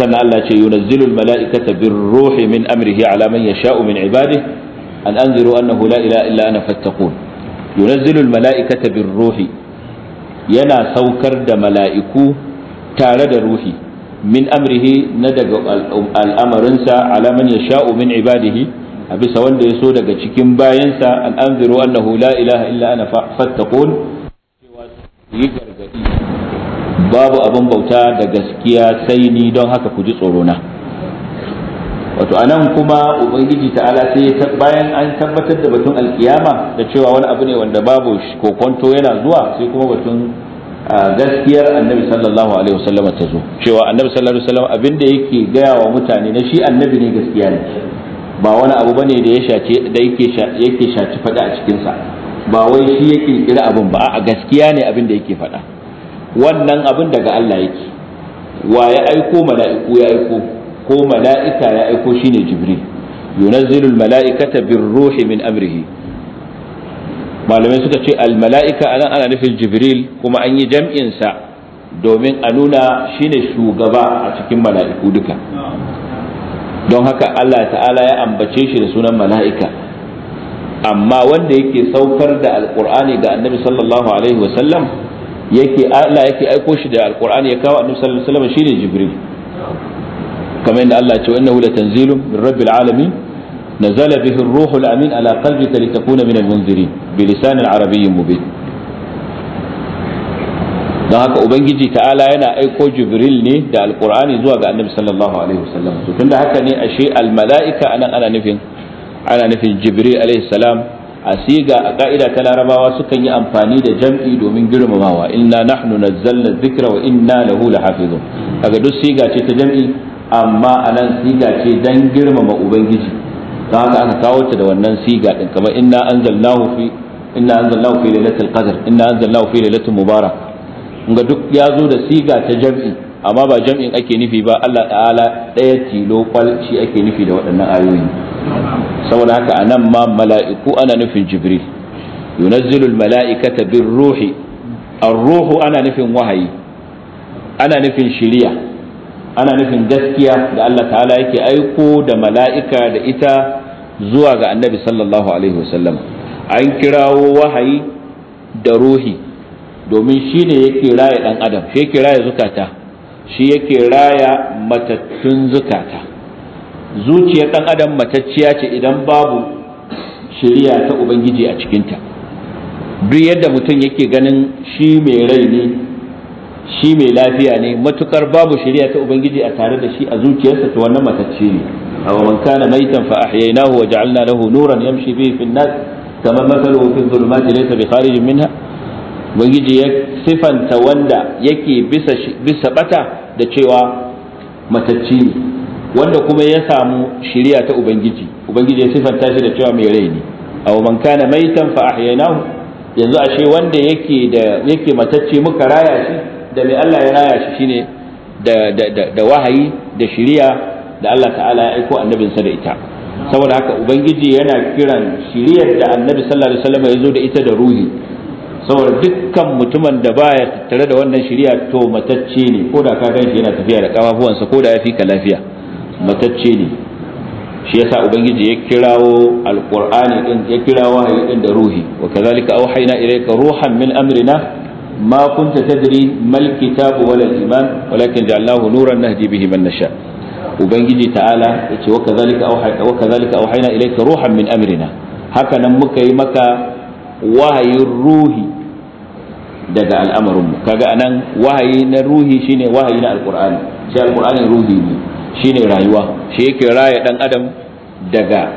sannan Allah ce yunazzilu almala'ikata birruhi min amrihi ala man yasha'u min ibadihi an anziru annahu la ilaha illa ana fattaqun yunazzilu almala'ikata birruhi yana saukar da mala'iku tare da ruhi min amrihi na daga al'amarinsa ala man yasha'u min ibadihi a bisa wanda ya so daga cikin bayansa an anziru annahu la ilaha illa ana fattaqun cewa yi babu abin bauta da gaskiya sai ni don haka ku ji tsoro na. wato anan kuma ubangiji ta'ala sai bayan an tabbatar da batun alkiyama da cewa wani abu ne wanda babu kokonto yana zuwa sai kuma batun gaskiyar annabi sallallahu alaihi wasallam ta zo cewa annabi sallallahu alaihi wasallam abin da yake gaya wa mutane na shi annabi ne gaskiya ne ba wani abu bane da ya shace da yake yake shaci fada a cikin sa ba wai shi ya ƙirƙira abin ba a gaskiya ne abin da yake fada wannan abin daga Allah yake wa ya aiko mala'iku ya aiko ko mala'ika ya aiko shine jibril yunazzilu almala'ikata birruhi min amrihi malamai suka ce almala'ika anan ana nufin jibril kuma an yi jam'in sa domin a nuna shine shugaba a cikin mala'iku duka don haka Allah ta'ala ya ambace shi da sunan mala'ika amma wanda yake saukar da alqur'ani ga annabi sallallahu alaihi sallam. yake Allah yake aiko shi da alqur'ani ya kawo annabi sallallahu alaihi wasallam shine jibril kamar yadda Allah ya ce innahu latanzilun min rabbil alamin nazala bihi ar-ruhu al-amin ala qalbika litakuna min al-munzirin bi lisan al-arabiy mubin dan haka ubangiji ta'ala yana aiko jibril ne da alqur'ani zuwa ga annabi sallallahu alaihi wasallam to tunda haka ne ashe al-mala'ika anan ana nufin ana nufin jibril alaihi salam a siga a ka'ida ta larabawa sukan yi amfani da jam'i domin girmamawa inna nahnu nazzalna dhikra wa inna lahu lahafizun kaga duk siga ce ta jam'i amma anan siga ce dan girmama ubangiji don haka aka kawo ta da wannan siga din kamar inna anzalnahu fi inna anzalnahu fi lailatul qadr inna anzalnahu fi lailatul mubarak ga duk ya zo da siga ta jam'i amma ba jam'in ake nufi ba Allah ta'ala daya tilo kwalci ake nufi da waɗannan ayoyi saboda haka anan ma mala'iku ana nufin jibril yunazzilu bin ruhi. ar-ruhu ana nufin wahayi ana nufin shiriya ana nufin gaskiya da Allah ta'ala yake aiko da mala'ika da ita zuwa ga annabi sallallahu alaihi wasallam an kirawo wahayi da ruhi domin shi ne yake raya ɗan adam shi yake raya zukata shi yake raya matattun zukata zuciyar ɗan adam matacciya ce idan babu shiriya ta ubangiji a cikinta duk yadda mutum yake ganin shi mai rai ne shi mai lafiya ne matukar babu shiriya ta ubangiji a tare da shi a zuciyarsa ta wannan matacce ne aw man kana maitan fa ahyaynahu wa ja'alna lahu nuran yamshi bihi fi an-nas kama mathaluhu fi dhulumati laysa bi kharijin minha ubangiji ya sifanta wanda yake bisa bisa bata da cewa matacce ne wanda kuma ya samu shiriya ta ubangiji ubangiji ya sifanta shi da cewa mai rai ne aw man kana maitan fa ahyaynahu yanzu ashe wanda yake da yake matacce muka raya shi da mai Allah ya raya shi shine da da da wahayi da shiriya da Allah ta'ala ya aiko annabinsa da ita saboda haka ubangiji yana kiran shiriyar da annabi sallallahu alaihi wasallam ya zo da ita da ruhi saboda dukkan mutumin da baya tattare da wannan shiriya to matacce ne ko da ka gan shi yana tafiya da kafafuwansa ko da ya fi ka lafiya matacce ne shi yasa ubangiji ya kirawo alqur'ani din ya kirawo wahayi din da ruhi wa kadhalika auhayna ilayka ruhan min amrina ma kunta tadri mal kitabu wal iman walakin ja'alnahu nuran nahdi bihi man nasha ubangiji ta'ala yace wa kadhalika auhayna wa kadhalika auhayna ilayka ruhan min amrina haka nan muka yi maka wahayin ruhi daga al'amarinmu kaga anan wahayi na ruhi shine wahayi na alqur'ani shi alqur'ani ruhi ne shine rayuwa shi yake raya dan adam daga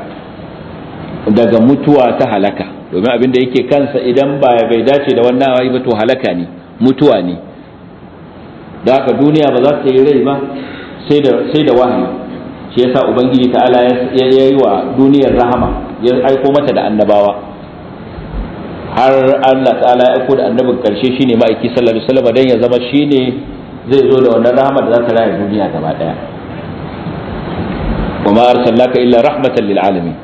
daga mutuwa ta halaka domin abin da yake kansa idan ba bai dace da wannan rayuwa to halaka ne mutuwa ne da haka duniya ba za ta yi rai ba sai da sai da wahayi shi yasa ubangiji ta'ala ya yi wa duniyar rahama ya aiko mata da annabawa har Allah ta'ala ya aiko da annabin karshe shine ma'aiki sallallahu alaihi wasallam dan ya zama shine zai zo da wannan rahama da za ta raya duniya gaba daya wa ma arsalnaka illa rahmatan lil alamin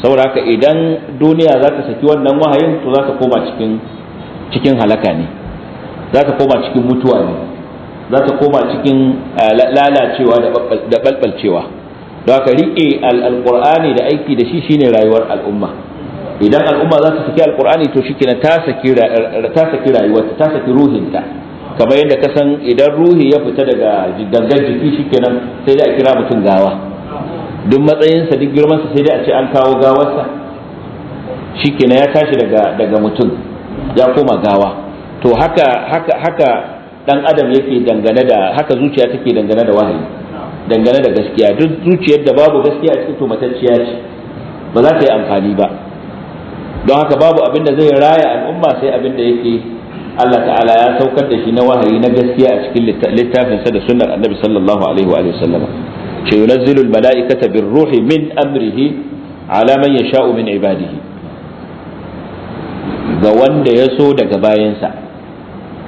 saboda haka idan duniya za ta saki wannan wahayin to za ta koma cikin cikin halaka ne za ta koma cikin mutuwa ne za ta koma cikin eh, lalacewa da balbalcewa don haka riƙe alƙur'ani da aiki da shi shine rayuwar al'umma idan al'umma za ta saki alƙur'ani to shi kenan ta saki rayuwarta ta saki ruhinta kamar yadda ka san idan ruhi ya fita daga gangan jiki shi kenan sai da a kira mutum gawa duk matsayinsa duk girmansa sai dai a ce an kawo gawarsa shikenan ya tashi daga daga mutum ya koma gawa to haka haka haka dan adam yake dangane da haka zuciya take dangane da wahayi dangane da gaskiya duk zuciyar da babu gaskiya a cikin to matacciya ce ba za ta yi amfani ba don haka babu abin da zai raya al'umma sai abin da yake Allah ta'ala ya saukar da shi na wahayi na gaskiya a cikin littafinsa da sunnar annabi sallallahu alaihi wa sallam. ce yunazzilu almalaikata birruhi min amrihi ala man yasha'u min ibadihi ga wanda ya so daga bayansa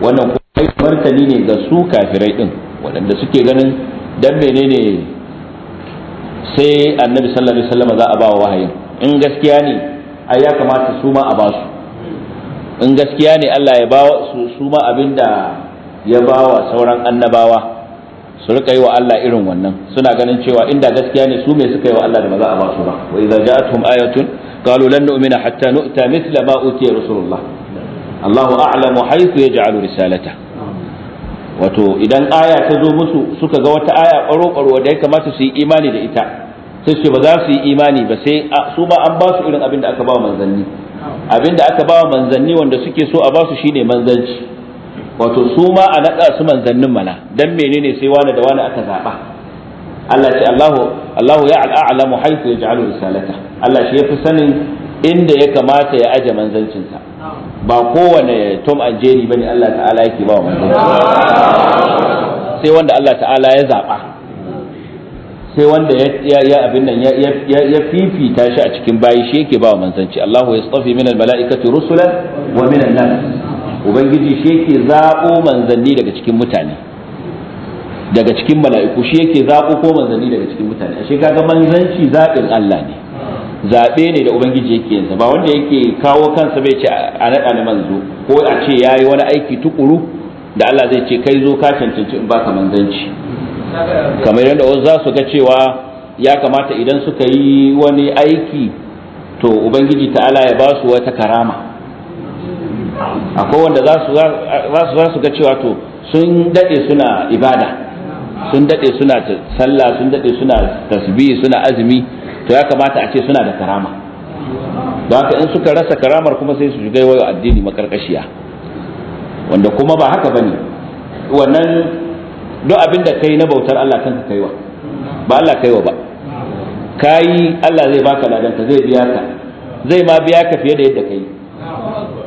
wannan kuma martani ne ga su kafirai din waɗanda suke ganin dan menene sai annabi sallallahu alaihi wasallam za a ba wa wahayin in gaskiya ne ai ya kamata su ma a ba su in gaskiya ne Allah ya ba su ma abinda ya ba wa sauran annabawa su rika yi wa Allah irin wannan suna ganin cewa inda gaskiya ne su me suka yi wa Allah da ba za a ba su ba wa idza ja'atuhum ayatun qalu lan nu'mina hatta nu'ta mithla ma utiya rasulullah Allahu a'lamu haythu yaj'alu risalata wato idan aya ta zo musu suka ga wata aya ƙwaro ƙwaro da ya kamata su yi imani da ita sai ce ba za su yi imani ba sai su ba an ba su irin abin da aka ba wa manzanni abin da aka ba wa manzanni wanda suke so a ba su shine manzanci wato su ma a naɗa su manzannin mana dan menene sai wani da wani aka zaɓa Allah ce Allahu Allahu ya al'alamu haythu yaj'alu risalata Allah shi yafi sanin inda ya kamata ya aje manzancinsa ba kowane Tom and Jerry bane Allah ta'ala yake ba manzanci, sai wanda Allah ta'ala ya zaɓa sai wanda ya abin nan ya fifita shi a cikin bayi shi yake ba wa manzanci Allahu yastafi min al-mala'ikati rusulan wa min an-nas ubangiji shi yake zaɓo manzanni daga cikin mutane daga cikin mala'iku shi yake zaɓo ko manzanni daga cikin mutane ashe kaga manzanci zabin Allah ne zaɓe ne da ubangiji yake yanzu ba wanda yake kawo kansa bai ce a naɗa ni manzo ko a ce ya yi wani aiki tukuru da Allah zai ce kai zo ka cancanci in baka manzanci kamar yadda wasu za su ga cewa ya kamata idan suka yi wani aiki to ubangiji ta'ala ya ba su wata karama akwai wanda za su za su ga cewa to sun dade suna ibada sun dade suna sallah sun dade suna tasbih suna azumi to ya kamata a ce suna da karama don haka in suka rasa karamar kuma sai su shiga wayo addini makarkashiya wanda kuma ba haka bane wannan duk abin da kai na bautar Allah kanka kaiwa ba Allah kaiwa ba kai Allah zai baka ladanka zai biya ka zai ma biya ka fiye da yadda kai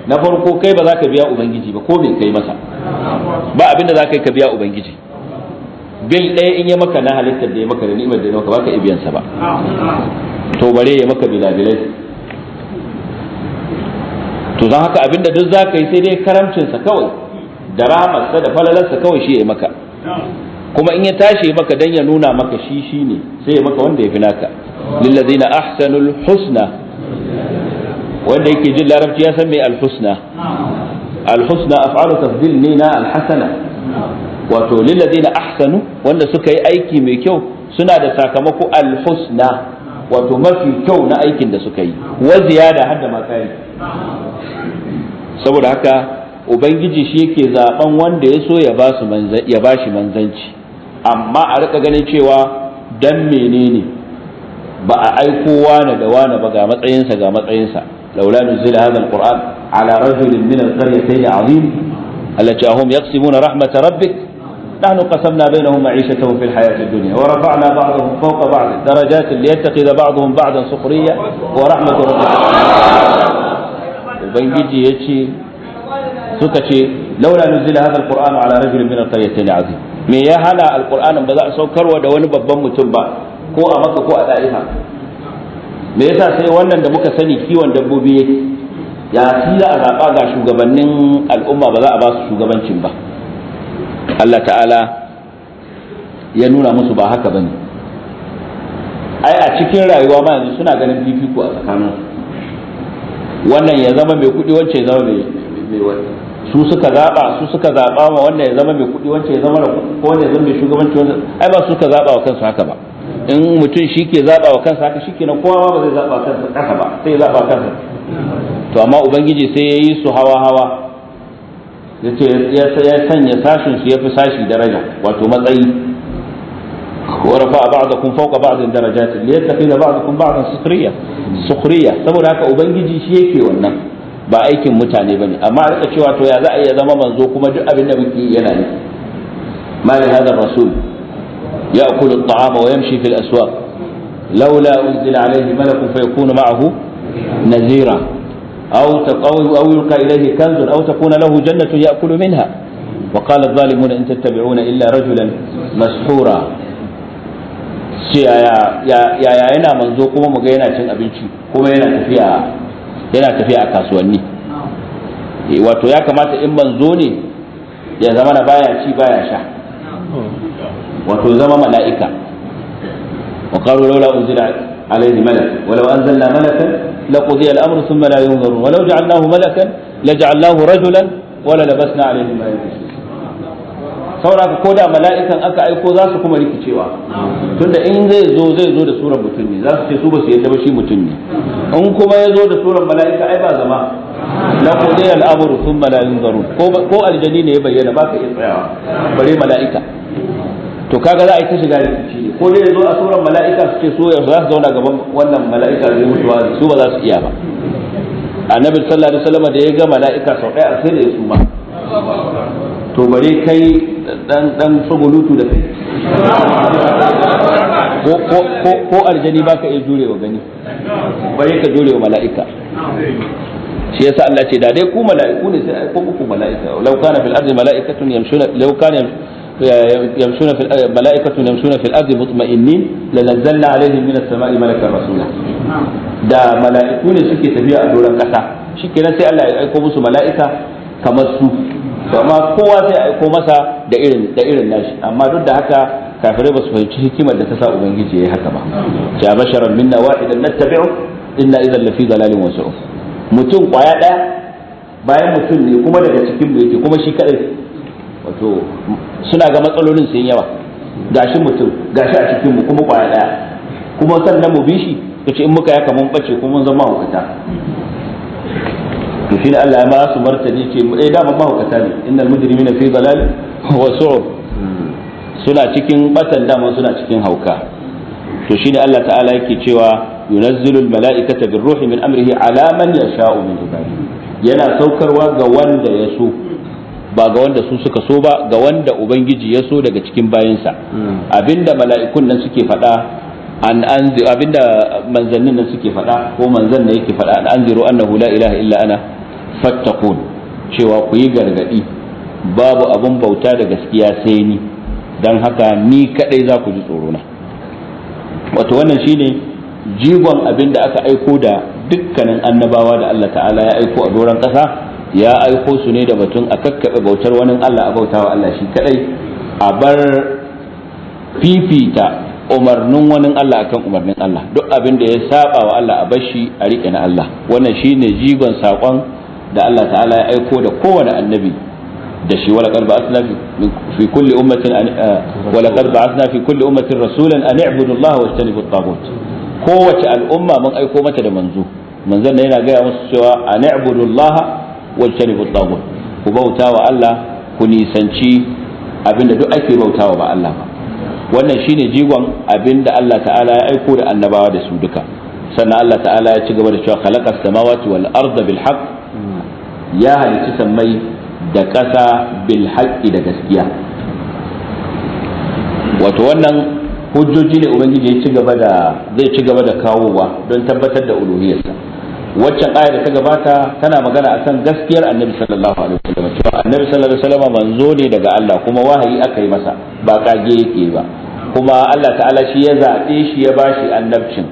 na farko kai ba za ka biya ubangiji ba ko me kai masa ba abinda za ka yi ka biya ubangiji bil ɗaya in ya maka na halittar da ya maka da ni'imar da ya maka ba ka ibiyan sa ba to bare ya maka bilabilai to zan haka abinda duk za ka yi sai dai karamcinsa kawai da ramarsa da falalarsa kawai shi ya maka kuma in ya tashi maka dan ya nuna maka shi shi ne sai ya maka wanda ya fi naka lillazina ahsanul husna wanda yake jin larabci ya san mai alhusna alhusna af'alu tafdil ne na alhasana wato lillazina ahsanu wanda suka yi aiki mai kyau suna da sakamako alhusna wato mafi kyau na aikin da suka yi wa ziyada har da matsayi saboda haka ubangiji shi yake zaben wanda ya so ya ba su ya ba shi manzanci amma a rika ganin cewa dan menene ba a aiko wane da wane ba ga matsayinsa ga matsayinsa لولا نزل هذا القرآن على رجل من القريتين عظيم التي هم يقسمون رحمة ربك نحن قسمنا بينهم معيشتهم في الحياة الدنيا ورفعنا بعضهم فوق بعض درجات ليتخذ بعضهم بعضا سخرية ورحمة ربك وبنجي يجي سكتي لولا نزل هذا القرآن على رجل من القريتين عظيم me القرآن hana alkur'anin ba za a saukarwa كو wani me yasa sai wannan da muka sani kiwon dabbobi ya shi za a zaɓa ga shugabannin al'umma ba za a ba su shugabancin ba Allah ta'ala ya nuna musu ba haka bane ai a cikin rayuwa ma yanzu suna ganin fifiko a tsakanin wannan ya zama mai kuɗi wancan ya zama mai su suka zaɓa su suka zaɓa ma wannan ya zama mai kuɗi wancan ya zama ko wanda ya zama mai shugabanci wannan ai ba su suka zaɓa wa kansu haka ba in mutum shi ke zaɓa wa kansa haka shi ke na kowa ba zai zaɓa kansa ƙasa ba sai ya zaɓa kansa to amma ubangiji sai ya yi su hawa hawa ya ce ya sanya sashin su ya fi sashi daraja wato matsayi a kun fauka ورفع بعضكم فوق بعض درجات ليتخذ kun بعضا سخرية sukuriya saboda haka ubangiji shi yake wannan ba aikin mutane ba ne. amma rika cewa to ya za a iya zama manzo kuma duk abin da muke yana yi mali hadar rasul يأكل الطعام ويمشي في الأسواق لولا أنزل عليه ملك فيكون معه نذيرا أو أو يلقى إليه كنز أو تكون له جنة يأكل منها وقال الظالمون إن تتبعون إلا رجلا مسحورا ya yana manzo kuma mu ga yana cin abinci kuma yana tafiya yana tafiya a kasuwanni wato ya kamata in manzo ne ya zama na baya ci baya sha wato zama mala'ika wa qalu laula unzila alayhi malak walau anzalna malakan laqudiya al-amru thumma la yunzarun walau ja'alnahu malakan laja'alnahu rajulan wala labasna alayhim ma yalbisun saura ko da mala'ikan aka aiko za su kuma rikicewa tunda in zai zo zai zo da surar mutum ne za su ce su ba su yadda ba shi mutum ne in kuma ya zo da surar mala'ika ai ba zama la qudiya al-amru thumma la yunzarun ko ko aljani ne ya bayyana ba ka iya tsayawa bare mala'ika to kaga za a yi ta shiga da ne ko dai zo a sura mala'ika su ce so ya za su zauna gaban wannan mala'ika zai mutuwa su ba za su iya ba annabi sallallahu alaihi wasallam da ya ga mala'ika sau ɗaya sai da ya suma to bare kai dan dan tsugulutu da kai ko ko ko ko aljani baka iya jurewa gani bare ka jurewa mala'ika shi yasa Allah ce da dai ku mala'iku ne sai ai ko ku mala'ika law kana fil ardi mala'ikatun yamshuna law kana yamshuna fil mala'ikatu yamshuna fil ardi mutma'innin la nazzalna alaihim min as-sama'i malakan rasula da mala'iku ne suke tafiya a doron kasa shikenan sai Allah ya aiko musu mala'ika kamar su amma kowa sai aiko masa da irin nashi amma duk da haka kafin ba su fahimci hikimar da ta sa ubangiji yayi haka ba ja basharan minna wahidan nattabi'u inna idhan lafi dalalin wasu'u mutum kwaya daya bayan mutum ne kuma daga cikin mu yake kuma shi kadai wato suna ga matsalolin sun yawa gashi mutum gashi a cikin mu kuma kwaya daya kuma sannan mu bi shi kace in muka yaka mun bace kuma mun zama hukata to shi ne Allah ya ba su martani ce eh da ba hukata ne innal mujrimina fi dalal wa su'ub suna cikin batan dama suna cikin hauka to shi ne Allah ta'ala yake cewa yunazzilul mala'ikata birruhi min amrihi ala man yasha'u min ibadihi yana saukarwa ga wanda ya so ba ga wanda su suka so ba ga wanda ubangiji ya so daga cikin bayansa abinda mala'ikun nan suke faɗa an anzi abinda manzannin nan suke faɗa ko manzan ne yake faɗa an anziru annahu la ilaha illa ana fattaqun cewa ku yi gargadi babu abun bauta da gaskiya sai ni dan haka ni kadai za ku ji tsoro na wato wannan shine jigon abinda aka aiko da dukkanin annabawa da Allah ta'ala ya aiko a doron kasa ya aiko su ne da batun a kakkaɓe bautar wani Allah a bautawa Allah shi kadai a bar fifita umarnin wani Allah akan umarnin Allah duk abin da ya saba wa Allah a bashi a riƙe na Allah wannan shi ne jigon saƙon da Allah ta'ala ya aiko da kowane annabi da shi wala qad ba'athna fi kulli ummatin eh, wala qad ba'athna fi kulli ummatin rasulan an i'budu Allah wa istanibu at kowace al'umma mun aiko mata da manzo manzon ne yana gaya musu cewa an i'budu Allah wacce ribu ku bauta wa Allah ku nisanci abinda duk ake bautawa ba Allah ba wannan shine jigon abinda Allah ta'ala ya aiko da annabawa da su duka sannan Allah ta'ala ya ci gaba da cewa khalaqa samawati wal arda bil haqq ya halitta sammai da ƙasa bil haqqi da gaskiya wato wannan hujjoji ne ubangiji ya ci gaba da zai ci gaba da kawowa don tabbatar da uluhiyarsa waccan ayar da ta gabata tana magana akan gaskiyar annabi sallallahu alaihi wasallam cewa annabi sallallahu alaihi wasallam manzo ne daga Allah kuma wahayi aka yi masa ba kage yake ba kuma Allah ta'ala shi ya zabe shi ya bashi annabcin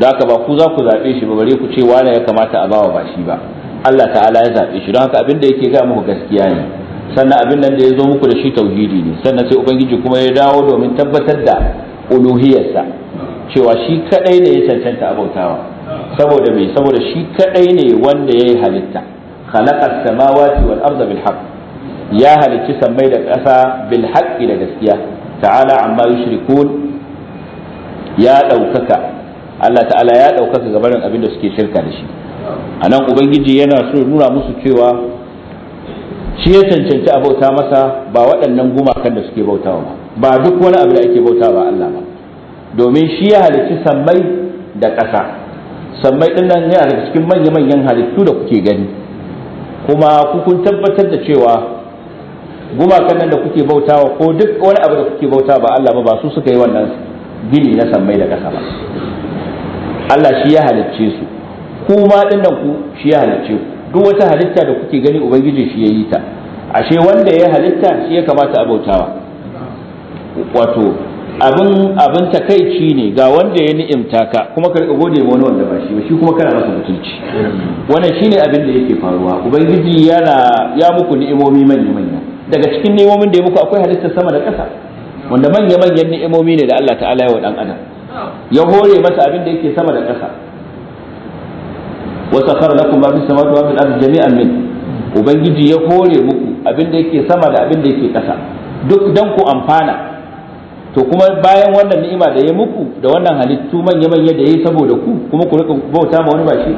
haka ba ku za ku zabe shi ba bare ku ce wani ya kamata a bawa ba shi ba Allah ta'ala ya zaɓe shi don haka abin da yake ga muku gaskiya ne sannan abin nan da ya zo muku da shi tauhidi ne sannan sai ubangiji kuma ya dawo domin tabbatar da uluhiyarsa cewa shi kadai ne ya cancanta abautawa saboda me saboda shi kadai ne wanda ya yi halitta khalaqa samawati wal arda bil haqq ya halicci sammai da ƙasa bil haqqi da gaskiya ta'ala amma yushrikun ya daukaka Allah ta'ala ya daukaka gabanin abin da suke shirka da shi anan ubangiji yana so nuna musu cewa shi ya cancanci a bauta masa ba waɗannan gumakan da suke bautawa ba ba duk wani abu da ake bautawa Allah ba domin shi ya halicci sammai da ƙasa sammai ɗin nan yana daga cikin manya manyan halittu da kuke gani kuma ku kun tabbatar da cewa gumakan nan da kuke bautawa ko duk wani abu da kuke bauta ba Allah ba ba su suka yi wannan gini na sammai da ƙasa ba Allah shi ya halicce su kuma ɗin nan ku shi ya halicce ku duk wata halitta da kuke gani ubangiji shi ya yi ta ashe wanda ya halitta shi ya kamata a bautawa wato abin abin takaici ne ga wanda ya ni'imta ka kuma ka gode wani wanda ba shi ba shi kuma kana masa mutunci wannan shine abin da yake faruwa ubangiji yana ya muku ni'imomi manya manya daga cikin ni'imomin da ya muku akwai halittar sama da ƙasa wanda manya manyan ni'imomi ne da Allah ta'ala ya wa dan adam ya hore masa abin da yake sama da ƙasa wa sakhara lakum ma fi samawati wa fil ardi jami'an min ubangiji ya hore muku abin da yake sama da abin da yake ƙasa duk dan ku amfana to kuma bayan wannan ni'ima da ya muku da wannan halittu manya manya da ya yi saboda ku kuma ku rika bauta ma wani ba shi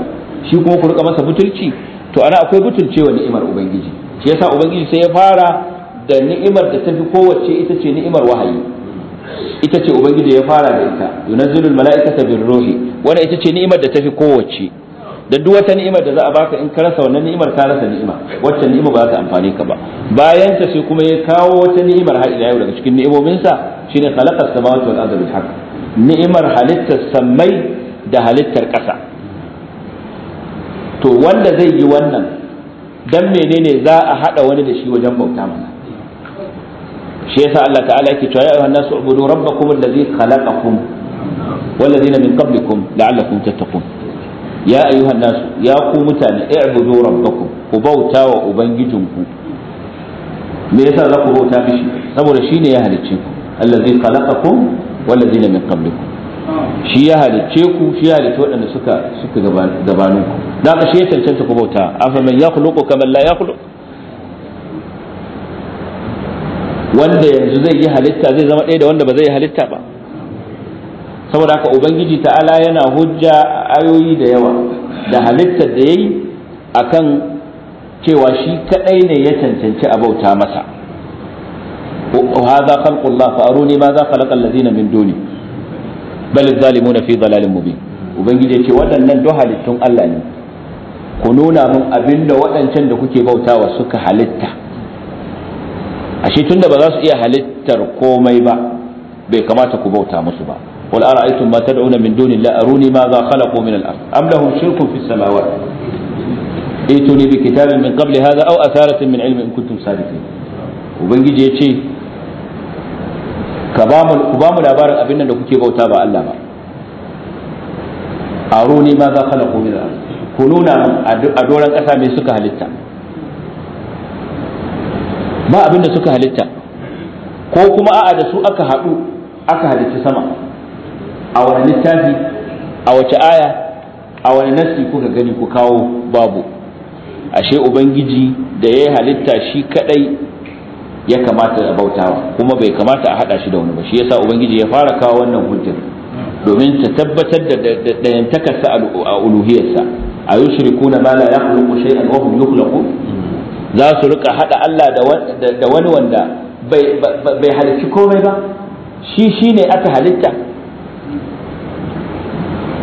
shi kuma ku rika masa butulci to ana akwai butulcewa ni'imar ubangiji shi yasa ubangiji sai ya fara da ni'imar da ta fi kowace ita ce ni'imar wahayi ita ce ubangiji ya fara da ita yunazzilul mala'ikata birruhi wannan ita ce ni'imar da ta fi kowace da duk wata ni'imar da za a baka in ka rasa wannan ni'imar ka rasa ni'ima wacce ni'ima ba za ta amfane ka ba bayan ta sai kuma ya kawo wata ni'imar har ila yau daga cikin ni'imomin sa shine khalaqa samawati wal arda bil ni'imar halittar samai da halittar ƙasa to wanda zai yi wannan dan menene za a hada wani da shi wajen bauta mana shi yasa Allah ta'ala yake cewa ya ayyuhan nasu ubudu rabbakum allazi khalaqakum والذين من قبلكم لعلكم تتقون ya ayyuhan nasu ya ku mutane i'budu rabbakum ku bauta wa ubangijinku me yasa za ku bauta mishi saboda shine ya halicce ku allazi khalaqakum wallazina min qablikum shi ya halicce ku shi ya halicce waɗanda suka suka gabanin ku da ka shi ya cancanta ku bauta afa man yakhluqu kama la yakhluq wanda yanzu zai yi halitta zai zama ɗaya da wanda ba zai yi halitta ba saboda haka ubangiji ta'ala yana hujja a ayoyi da yawa da halittar da yayi akan cewa shi kadai ne ya cancanci a bauta masa hadha khalqullah fa aruni ma za khalaqa allazina min duni bal zalimuna fi dalalin mubin ubangiji ya ce waɗannan duk halittun Allah ne ku nuna mun abinda waɗancan da kuke bautawa suka halitta ashe tunda ba za su iya halittar komai ba bai kamata ku bauta musu ba قل أرأيتم ما تدعون من دون الله أروني ماذا خلقوا من الأرض أم لهم شرك في السماوات ائتوني بكتاب من قبل هذا أو أثارة من علم إن كنتم صادقين وبنجي يتشي كبام الأبار أبنا لكي بوتا با الله أروني ماذا خلقوا من الأرض كنونا أدورا أسامي سكة هلتا ما أبنا سكة هلتا ko kuma a'a da su aka haɗu aka halicci sama a wani littafi a wace aya a wani nassi kuka gani ku kawo babu ashe ubangiji da ya halitta shi kadai ya kamata a bautawa kuma bai kamata a hada shi da wani ba shi yasa ubangiji ya fara kawo wannan hujjar domin ta tabbatar da dayantakarsa a uluhiyarsa a na ma la yakhluqu shay'an wa hum yukhluqu za su rika hada Allah da wani wanda bai halicci komai ba shi shine aka halitta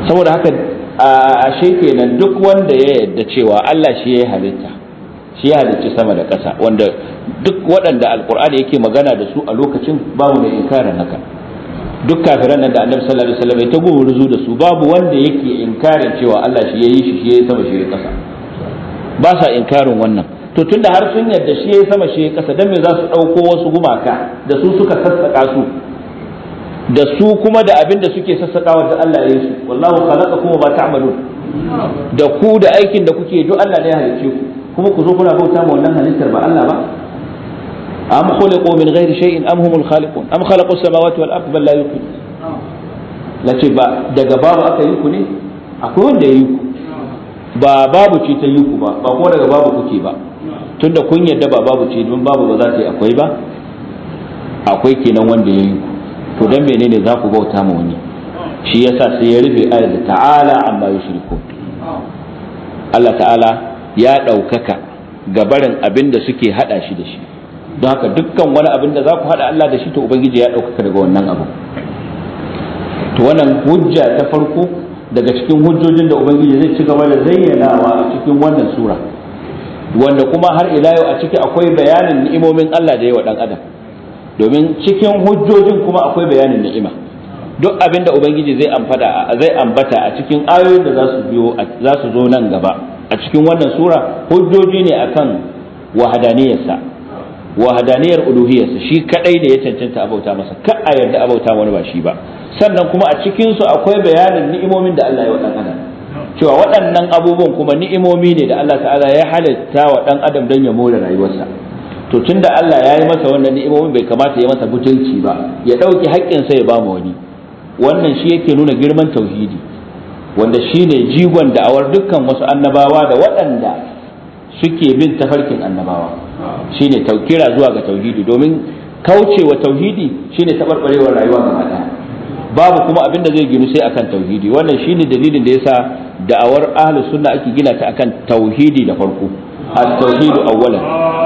saboda haka ashe kenan duk wanda ya yarda cewa Allah shi ya halitta shi ya halicci sama da ƙasa wanda duk waɗanda alkur'ani yake magana da su a lokacin babu mai inkarin haka duk kafiran nan da annabi sallallahu alaihi wasallam ya ta da su babu wanda yake inkarin cewa Allah shi ya yi shi shi ya sama shi ya ƙasa ba sa inkarin wannan to tunda har sun yadda shi ya sama shi ya ƙasa dan me za su ɗauko wasu gumaka da su suka sassaka su da su kuma da abin da suke sassaƙawa da Allah ya yi su wallahu khalaqakum wa ma ta'malun da ku da aikin da kuke duk Allah ne ya halicce ku kuma ku zo kuna bauta ma wannan halittar ba Allah ba am khuliqu min ghairi shay'in am humul khaliqun am khalaqu as-samawati wal ardi bal la la ce ba daga babu aka yi ku ne akwai wanda ya yi ku ba babu ce ta yi ku ba ba kuma daga babu kuke ba tunda kun yadda ba babu ce don babu ba za ta yi akwai ba akwai kenan wanda ya yi ku to dan menene za ku bauta ma wani shi yasa sai ya rufe ayat da ta'ala amma yushriku Allah ta'ala ya ɗaukaka gabarin abin da suke hada shi da shi don haka dukkan wani abin da za ku hada Allah da shi to ubangiji ya ɗaukaka daga wannan abu to wannan hujja ta farko daga cikin hujjojin da ubangiji zai ci gaba da zayyanawa a cikin wannan sura wanda kuma har ila yau a ciki akwai bayanin ni'imomin Allah da yawa dan adam domin cikin hujjojin kuma akwai bayanin ni'ima duk abin da ubangiji zai amfada zai ambata a cikin ayoyin da za su biyo za su zo nan gaba a cikin wannan sura hujjoji ne akan wahadaniyarsa wahadaniyar uluhiyarsa shi kadai ne ya cancanta abauta masa kar a yarda abauta wani ba shi ba sannan kuma a cikin su akwai bayanin ni'imomin da Allah ya wa dan adam cewa waɗannan abubuwan kuma ni'imomi ne da Allah ta'ala ya halitta wa dan adam don ya more rayuwarsa to tunda Allah ya yi masa wannan ni'imomin bai kamata ya masa butulci ba ya ɗauki haƙƙin sa ya ba mu wani wannan shi yake nuna girman tauhidi wanda shi ne jigon da'awar dukkan wasu annabawa da waɗanda suke bin tafarkin annabawa Shi ne taukira zuwa ga tauhidi domin kaucewa tauhidi shi ne tabarbarewar rayuwa gaba ɗaya babu kuma abin da zai ginu sai akan tauhidi wannan shi ne dalilin da ya yasa da'awar ahlus sunna ake gina ta akan tauhidi da farko at-tauhidu awwalan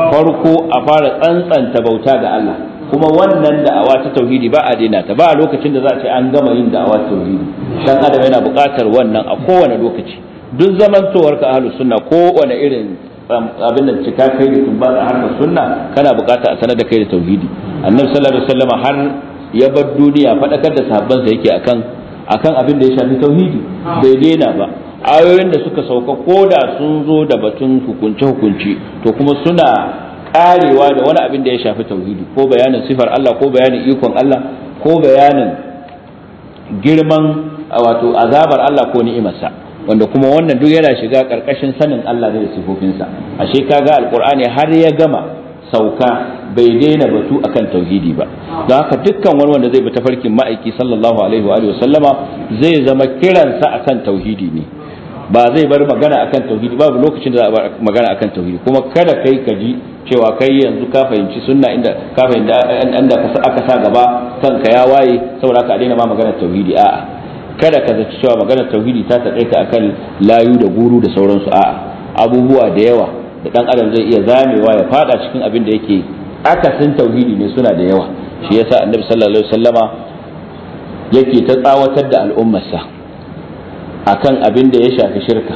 farko a fara tsantsanta bauta ga Allah kuma wannan da'awa ta tauhidi ba a daina ta ba a lokacin da za a ce an gama yin da'awa tauhidi dan adam yana buƙatar wannan a kowane lokaci duk zamantowar ka ahlus sunna kowane irin um, abin da cika kai da ba a harkar sunna kana buƙata a sanar da kai da tauhidi annabi sallallahu alaihi wasallam har ya bar duniya faɗakar da sa yake akan akan abin da ya shafi tauhidi bai daina ba ayoyin da suka sauka ko da sun zo da batun hukunce hukunci to kuma suna karewa da wani abin da ya shafi tauhidi ko bayanin sifar Allah ko bayanin ikon Allah ko bayanin girman wato azabar Allah ko ni'imarsa wanda kuma wannan duk yana shiga karkashin sanin Allah da sifofinsa ashe kaga alqur'ani har ya gama sauka bai daina batu akan tauhidi ba don haka dukkan wani wanda zai bi tafarkin ma'aiki sallallahu alaihi wa sallama zai zama kiransa akan tauhidi ne ba zai bar magana akan tauhidi babu lokacin da za a bar magana akan tauhidi kuma kada kai ka ji cewa kai yanzu ka fahimci sunna inda ka fahimci inda aka sa gaba kanka ya waye saboda ka daina ma magana tauhidi a'a kada ka zaci cewa magana tauhidi ta taɗaita akan layu da guru da sauransu a'a abubuwa da yawa da dan adam zai iya zamewa ya fada cikin abin da yake akasin tauhidi ne suna da yawa shi yasa annabi sallallahu alaihi wasallama yake ta tsawatar da al'ummarsa akan abin da ya shafi shirka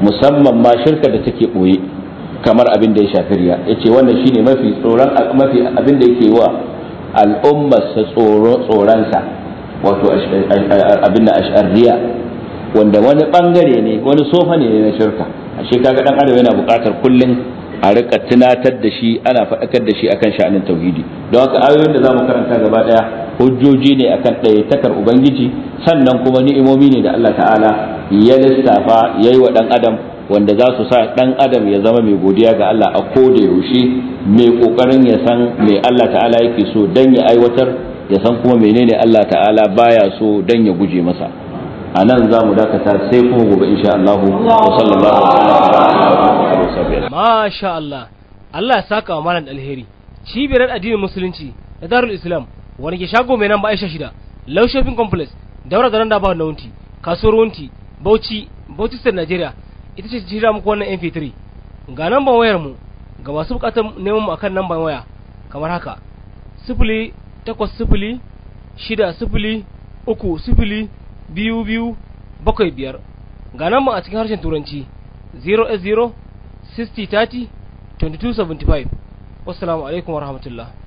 musamman ma shirka da take ɓoye kamar abin da ya shafi riya ya ce wannan shine mafi tsoron mafi abin da yake wa al'ummarsa tsoronsa wato abin da riya wanda wani bangare ne wani sofa ne na shirka ashe kaga dan adam yana buƙatar kullum a rika tunatar da shi ana faɗakar da shi akan sha'anin tauhidi don haka ayoyin da zamu karanta gaba ɗaya hujjoji ne akan ɗayatakar ubangiji sannan kuma ni'imomi ne da Allah ta'ala ya lissafa yayi wa ɗan adam wanda za su sa ɗan adam ya zama mai godiya ga Allah a da yaushe mai kokarin ya san me Allah ta'ala yake so dan ya aiwatar ya san kuma menene Allah ta'ala baya so dan ya guje masa a nan za mu dakata sai kuma gobe insha Allah wa sallallahu alaihi wa Masha Allah Allah ya saka wa malam alheri cibiyar addinin musulunci da darul islam wani ke shago mai nan ba aisha shida low shopping complex daura da nan da ba na wunti kasuwar wunti bauchi bauchi state nigeria ita ce jira muku wannan mp3 ga namban wayar mu ga masu bukatar neman mu akan nan namban waya kamar haka sifili takwas sifili shida sifili uku sifili biyu biyu bakwai biyar ga namban a cikin harshen turanci 0 0 twenty-two seventy-five wasu alaikum rahmatullah.